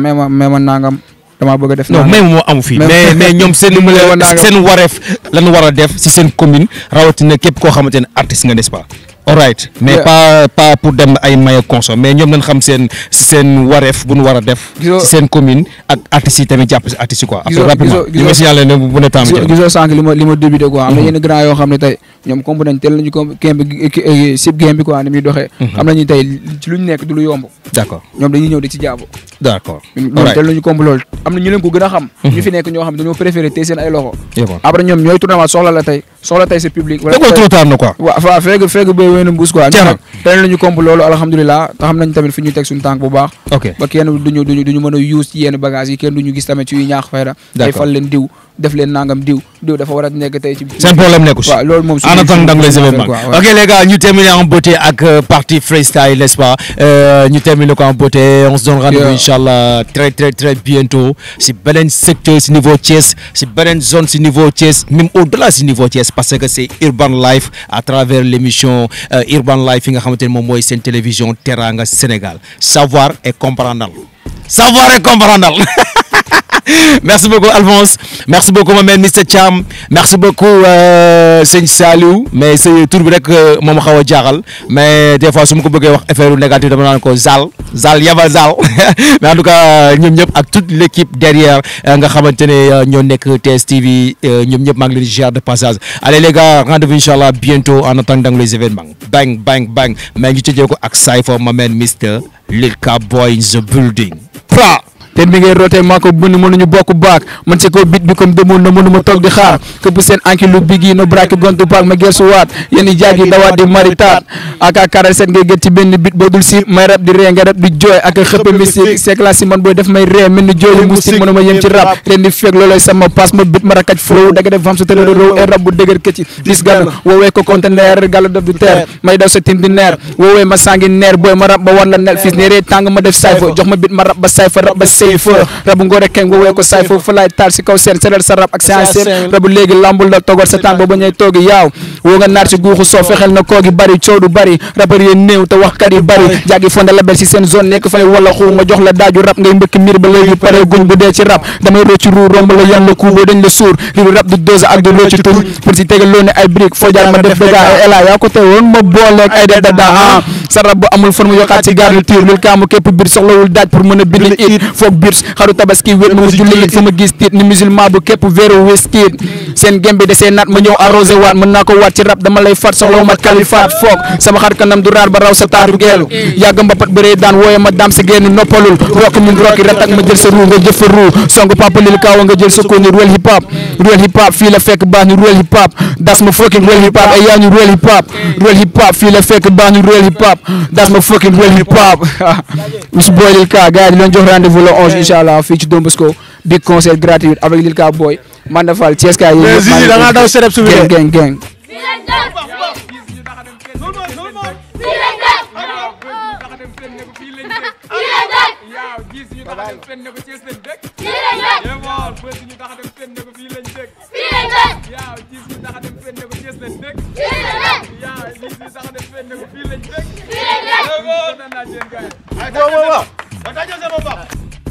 def non même moo amu fii mais mais ñoom seen seen wareef lan war a def si seen commune rawatina képp koo xamante ne artiste nga nest pas all right mais pas pas pour dem ay maye conso mais ñoom nañ xam seen wareef bu nu war def. ci seen commune ak artistes tamit jàpp si artistes yi am na ñu nekk d' accord ñoom dañuy ñëw di ci jaabu. d' accord all right mhm. soxla la tey soxla tey sa public. wala tey trop tard na quoi. waaw feeg feeg béy wéy mbuus quoi. jërëjëf tey la ñu komb loolu alhamdulilah te xam nañ tamit fi ñu teg suñu tànk bu baax. ok ba kenn duñu duñu duñu mën a use ci yenn bagage yi kenn duñu gis tamit ci yu ñaax fayda. d'accord tey fal leen diw C'est un problème nekkul ok les gars Nous terminons en beauté ak euh, partie freestyle n'est-ce pas euh, ñu terminons en beauté on se donne rendez-vous très très très bientôt ci un secteur c'est niveau Thiès ci une zone ci niveau Thiès même au-delà du niveau Thiès parce que c'est Urban Life à travers l'émission euh, Urban Life yi nga xamante mom moy télévision Teranga Sénégal savoir et comprendre savoir et comprendre. merci beaucoup Alphonse merci beaucoup ma Mr. Cham merci beaucoup euh, sëñ Saliou mais c'est tout le rek euh, moom xaw a mais des fois Si je ko dire wax affaire négatif dama naan ko Zal Zal yaba Zal mais en tout cas Nous euh, ñëpp ak toute l'équipe derrière nga xamante ne ñoo TV, TSTV ñoom ñëpp maa ngi leen de passage allez les gars rendez-vous Inch'Allah bientôt en attendant les événements bang bang bang mais je tëjee ko ak Saifo ma Mr. Mister Lil Boy in the building pra te mi ngay roté mako ko mënu ñu bokk baak man ci ko bit bi comme demul na ma tok di xaar bu seen anki lu bigi no braaki gontu baak ma suwat, waat jagi jaagi jaag di maritat aka kara karal ngay ci bit bodul dul si may rap di re nga rap di jooy ak xëpp mystique c'est man boy def may re mel ni jooylu mënu ma yem ci rap ren di fek loloy sama pass ma bit ma rakaj flow da nga def fam su tëdd row e rap bu dëgër dis ko conteneur gal do du teer may daw sa tim di neer woowee ma sangi ner boy ma rap ba war nel fis ne re tang ma def sayfa jox ma bit ma rap ba sayfa rap ba seyif rabu ngoor ak keng woowee ko saay foofu laay taal si kaw seen seral sa rab ak sensir rabu léegi lambul ngay mbëkki miir ba léegi pare guñ bu dee ci rab damay rocci ruu romb la yan la kuuboo dañ la suur rab du dose ak ma yokkaat si gaar lu tiir lul kaamu képp biir soxlawul daaj pour mën a bind it ab birs xaru tabaski wét ma ma julli it fu ma gis tiit ni musulman bu képp véro wés tiit seen gembe desee naat ma ñëw arrosé waat mën naa ko waat ci rab dama lay faat soxlaw mat kalifaat foog sama xar kanam du raar ba raw sa taatu geelu yàgg mbapat bëree daan wooye ma daam sa génn noppalul rokk min rokki ratak ma jël sa ruu nga jëf ruu song papalil nga jël sa kóoni ruel hip hop ruel hip hop hip hop das ma hip hop fii la fekk baax ñu ruel hip hip 11 eh. incha allah fii ci Dombosco big concert gratuit avec Lil Ka Boy Manda Fall Thiès Kaay. mais Zizi da ngaa daw setup su geng geng geng. Wow, wow, wow.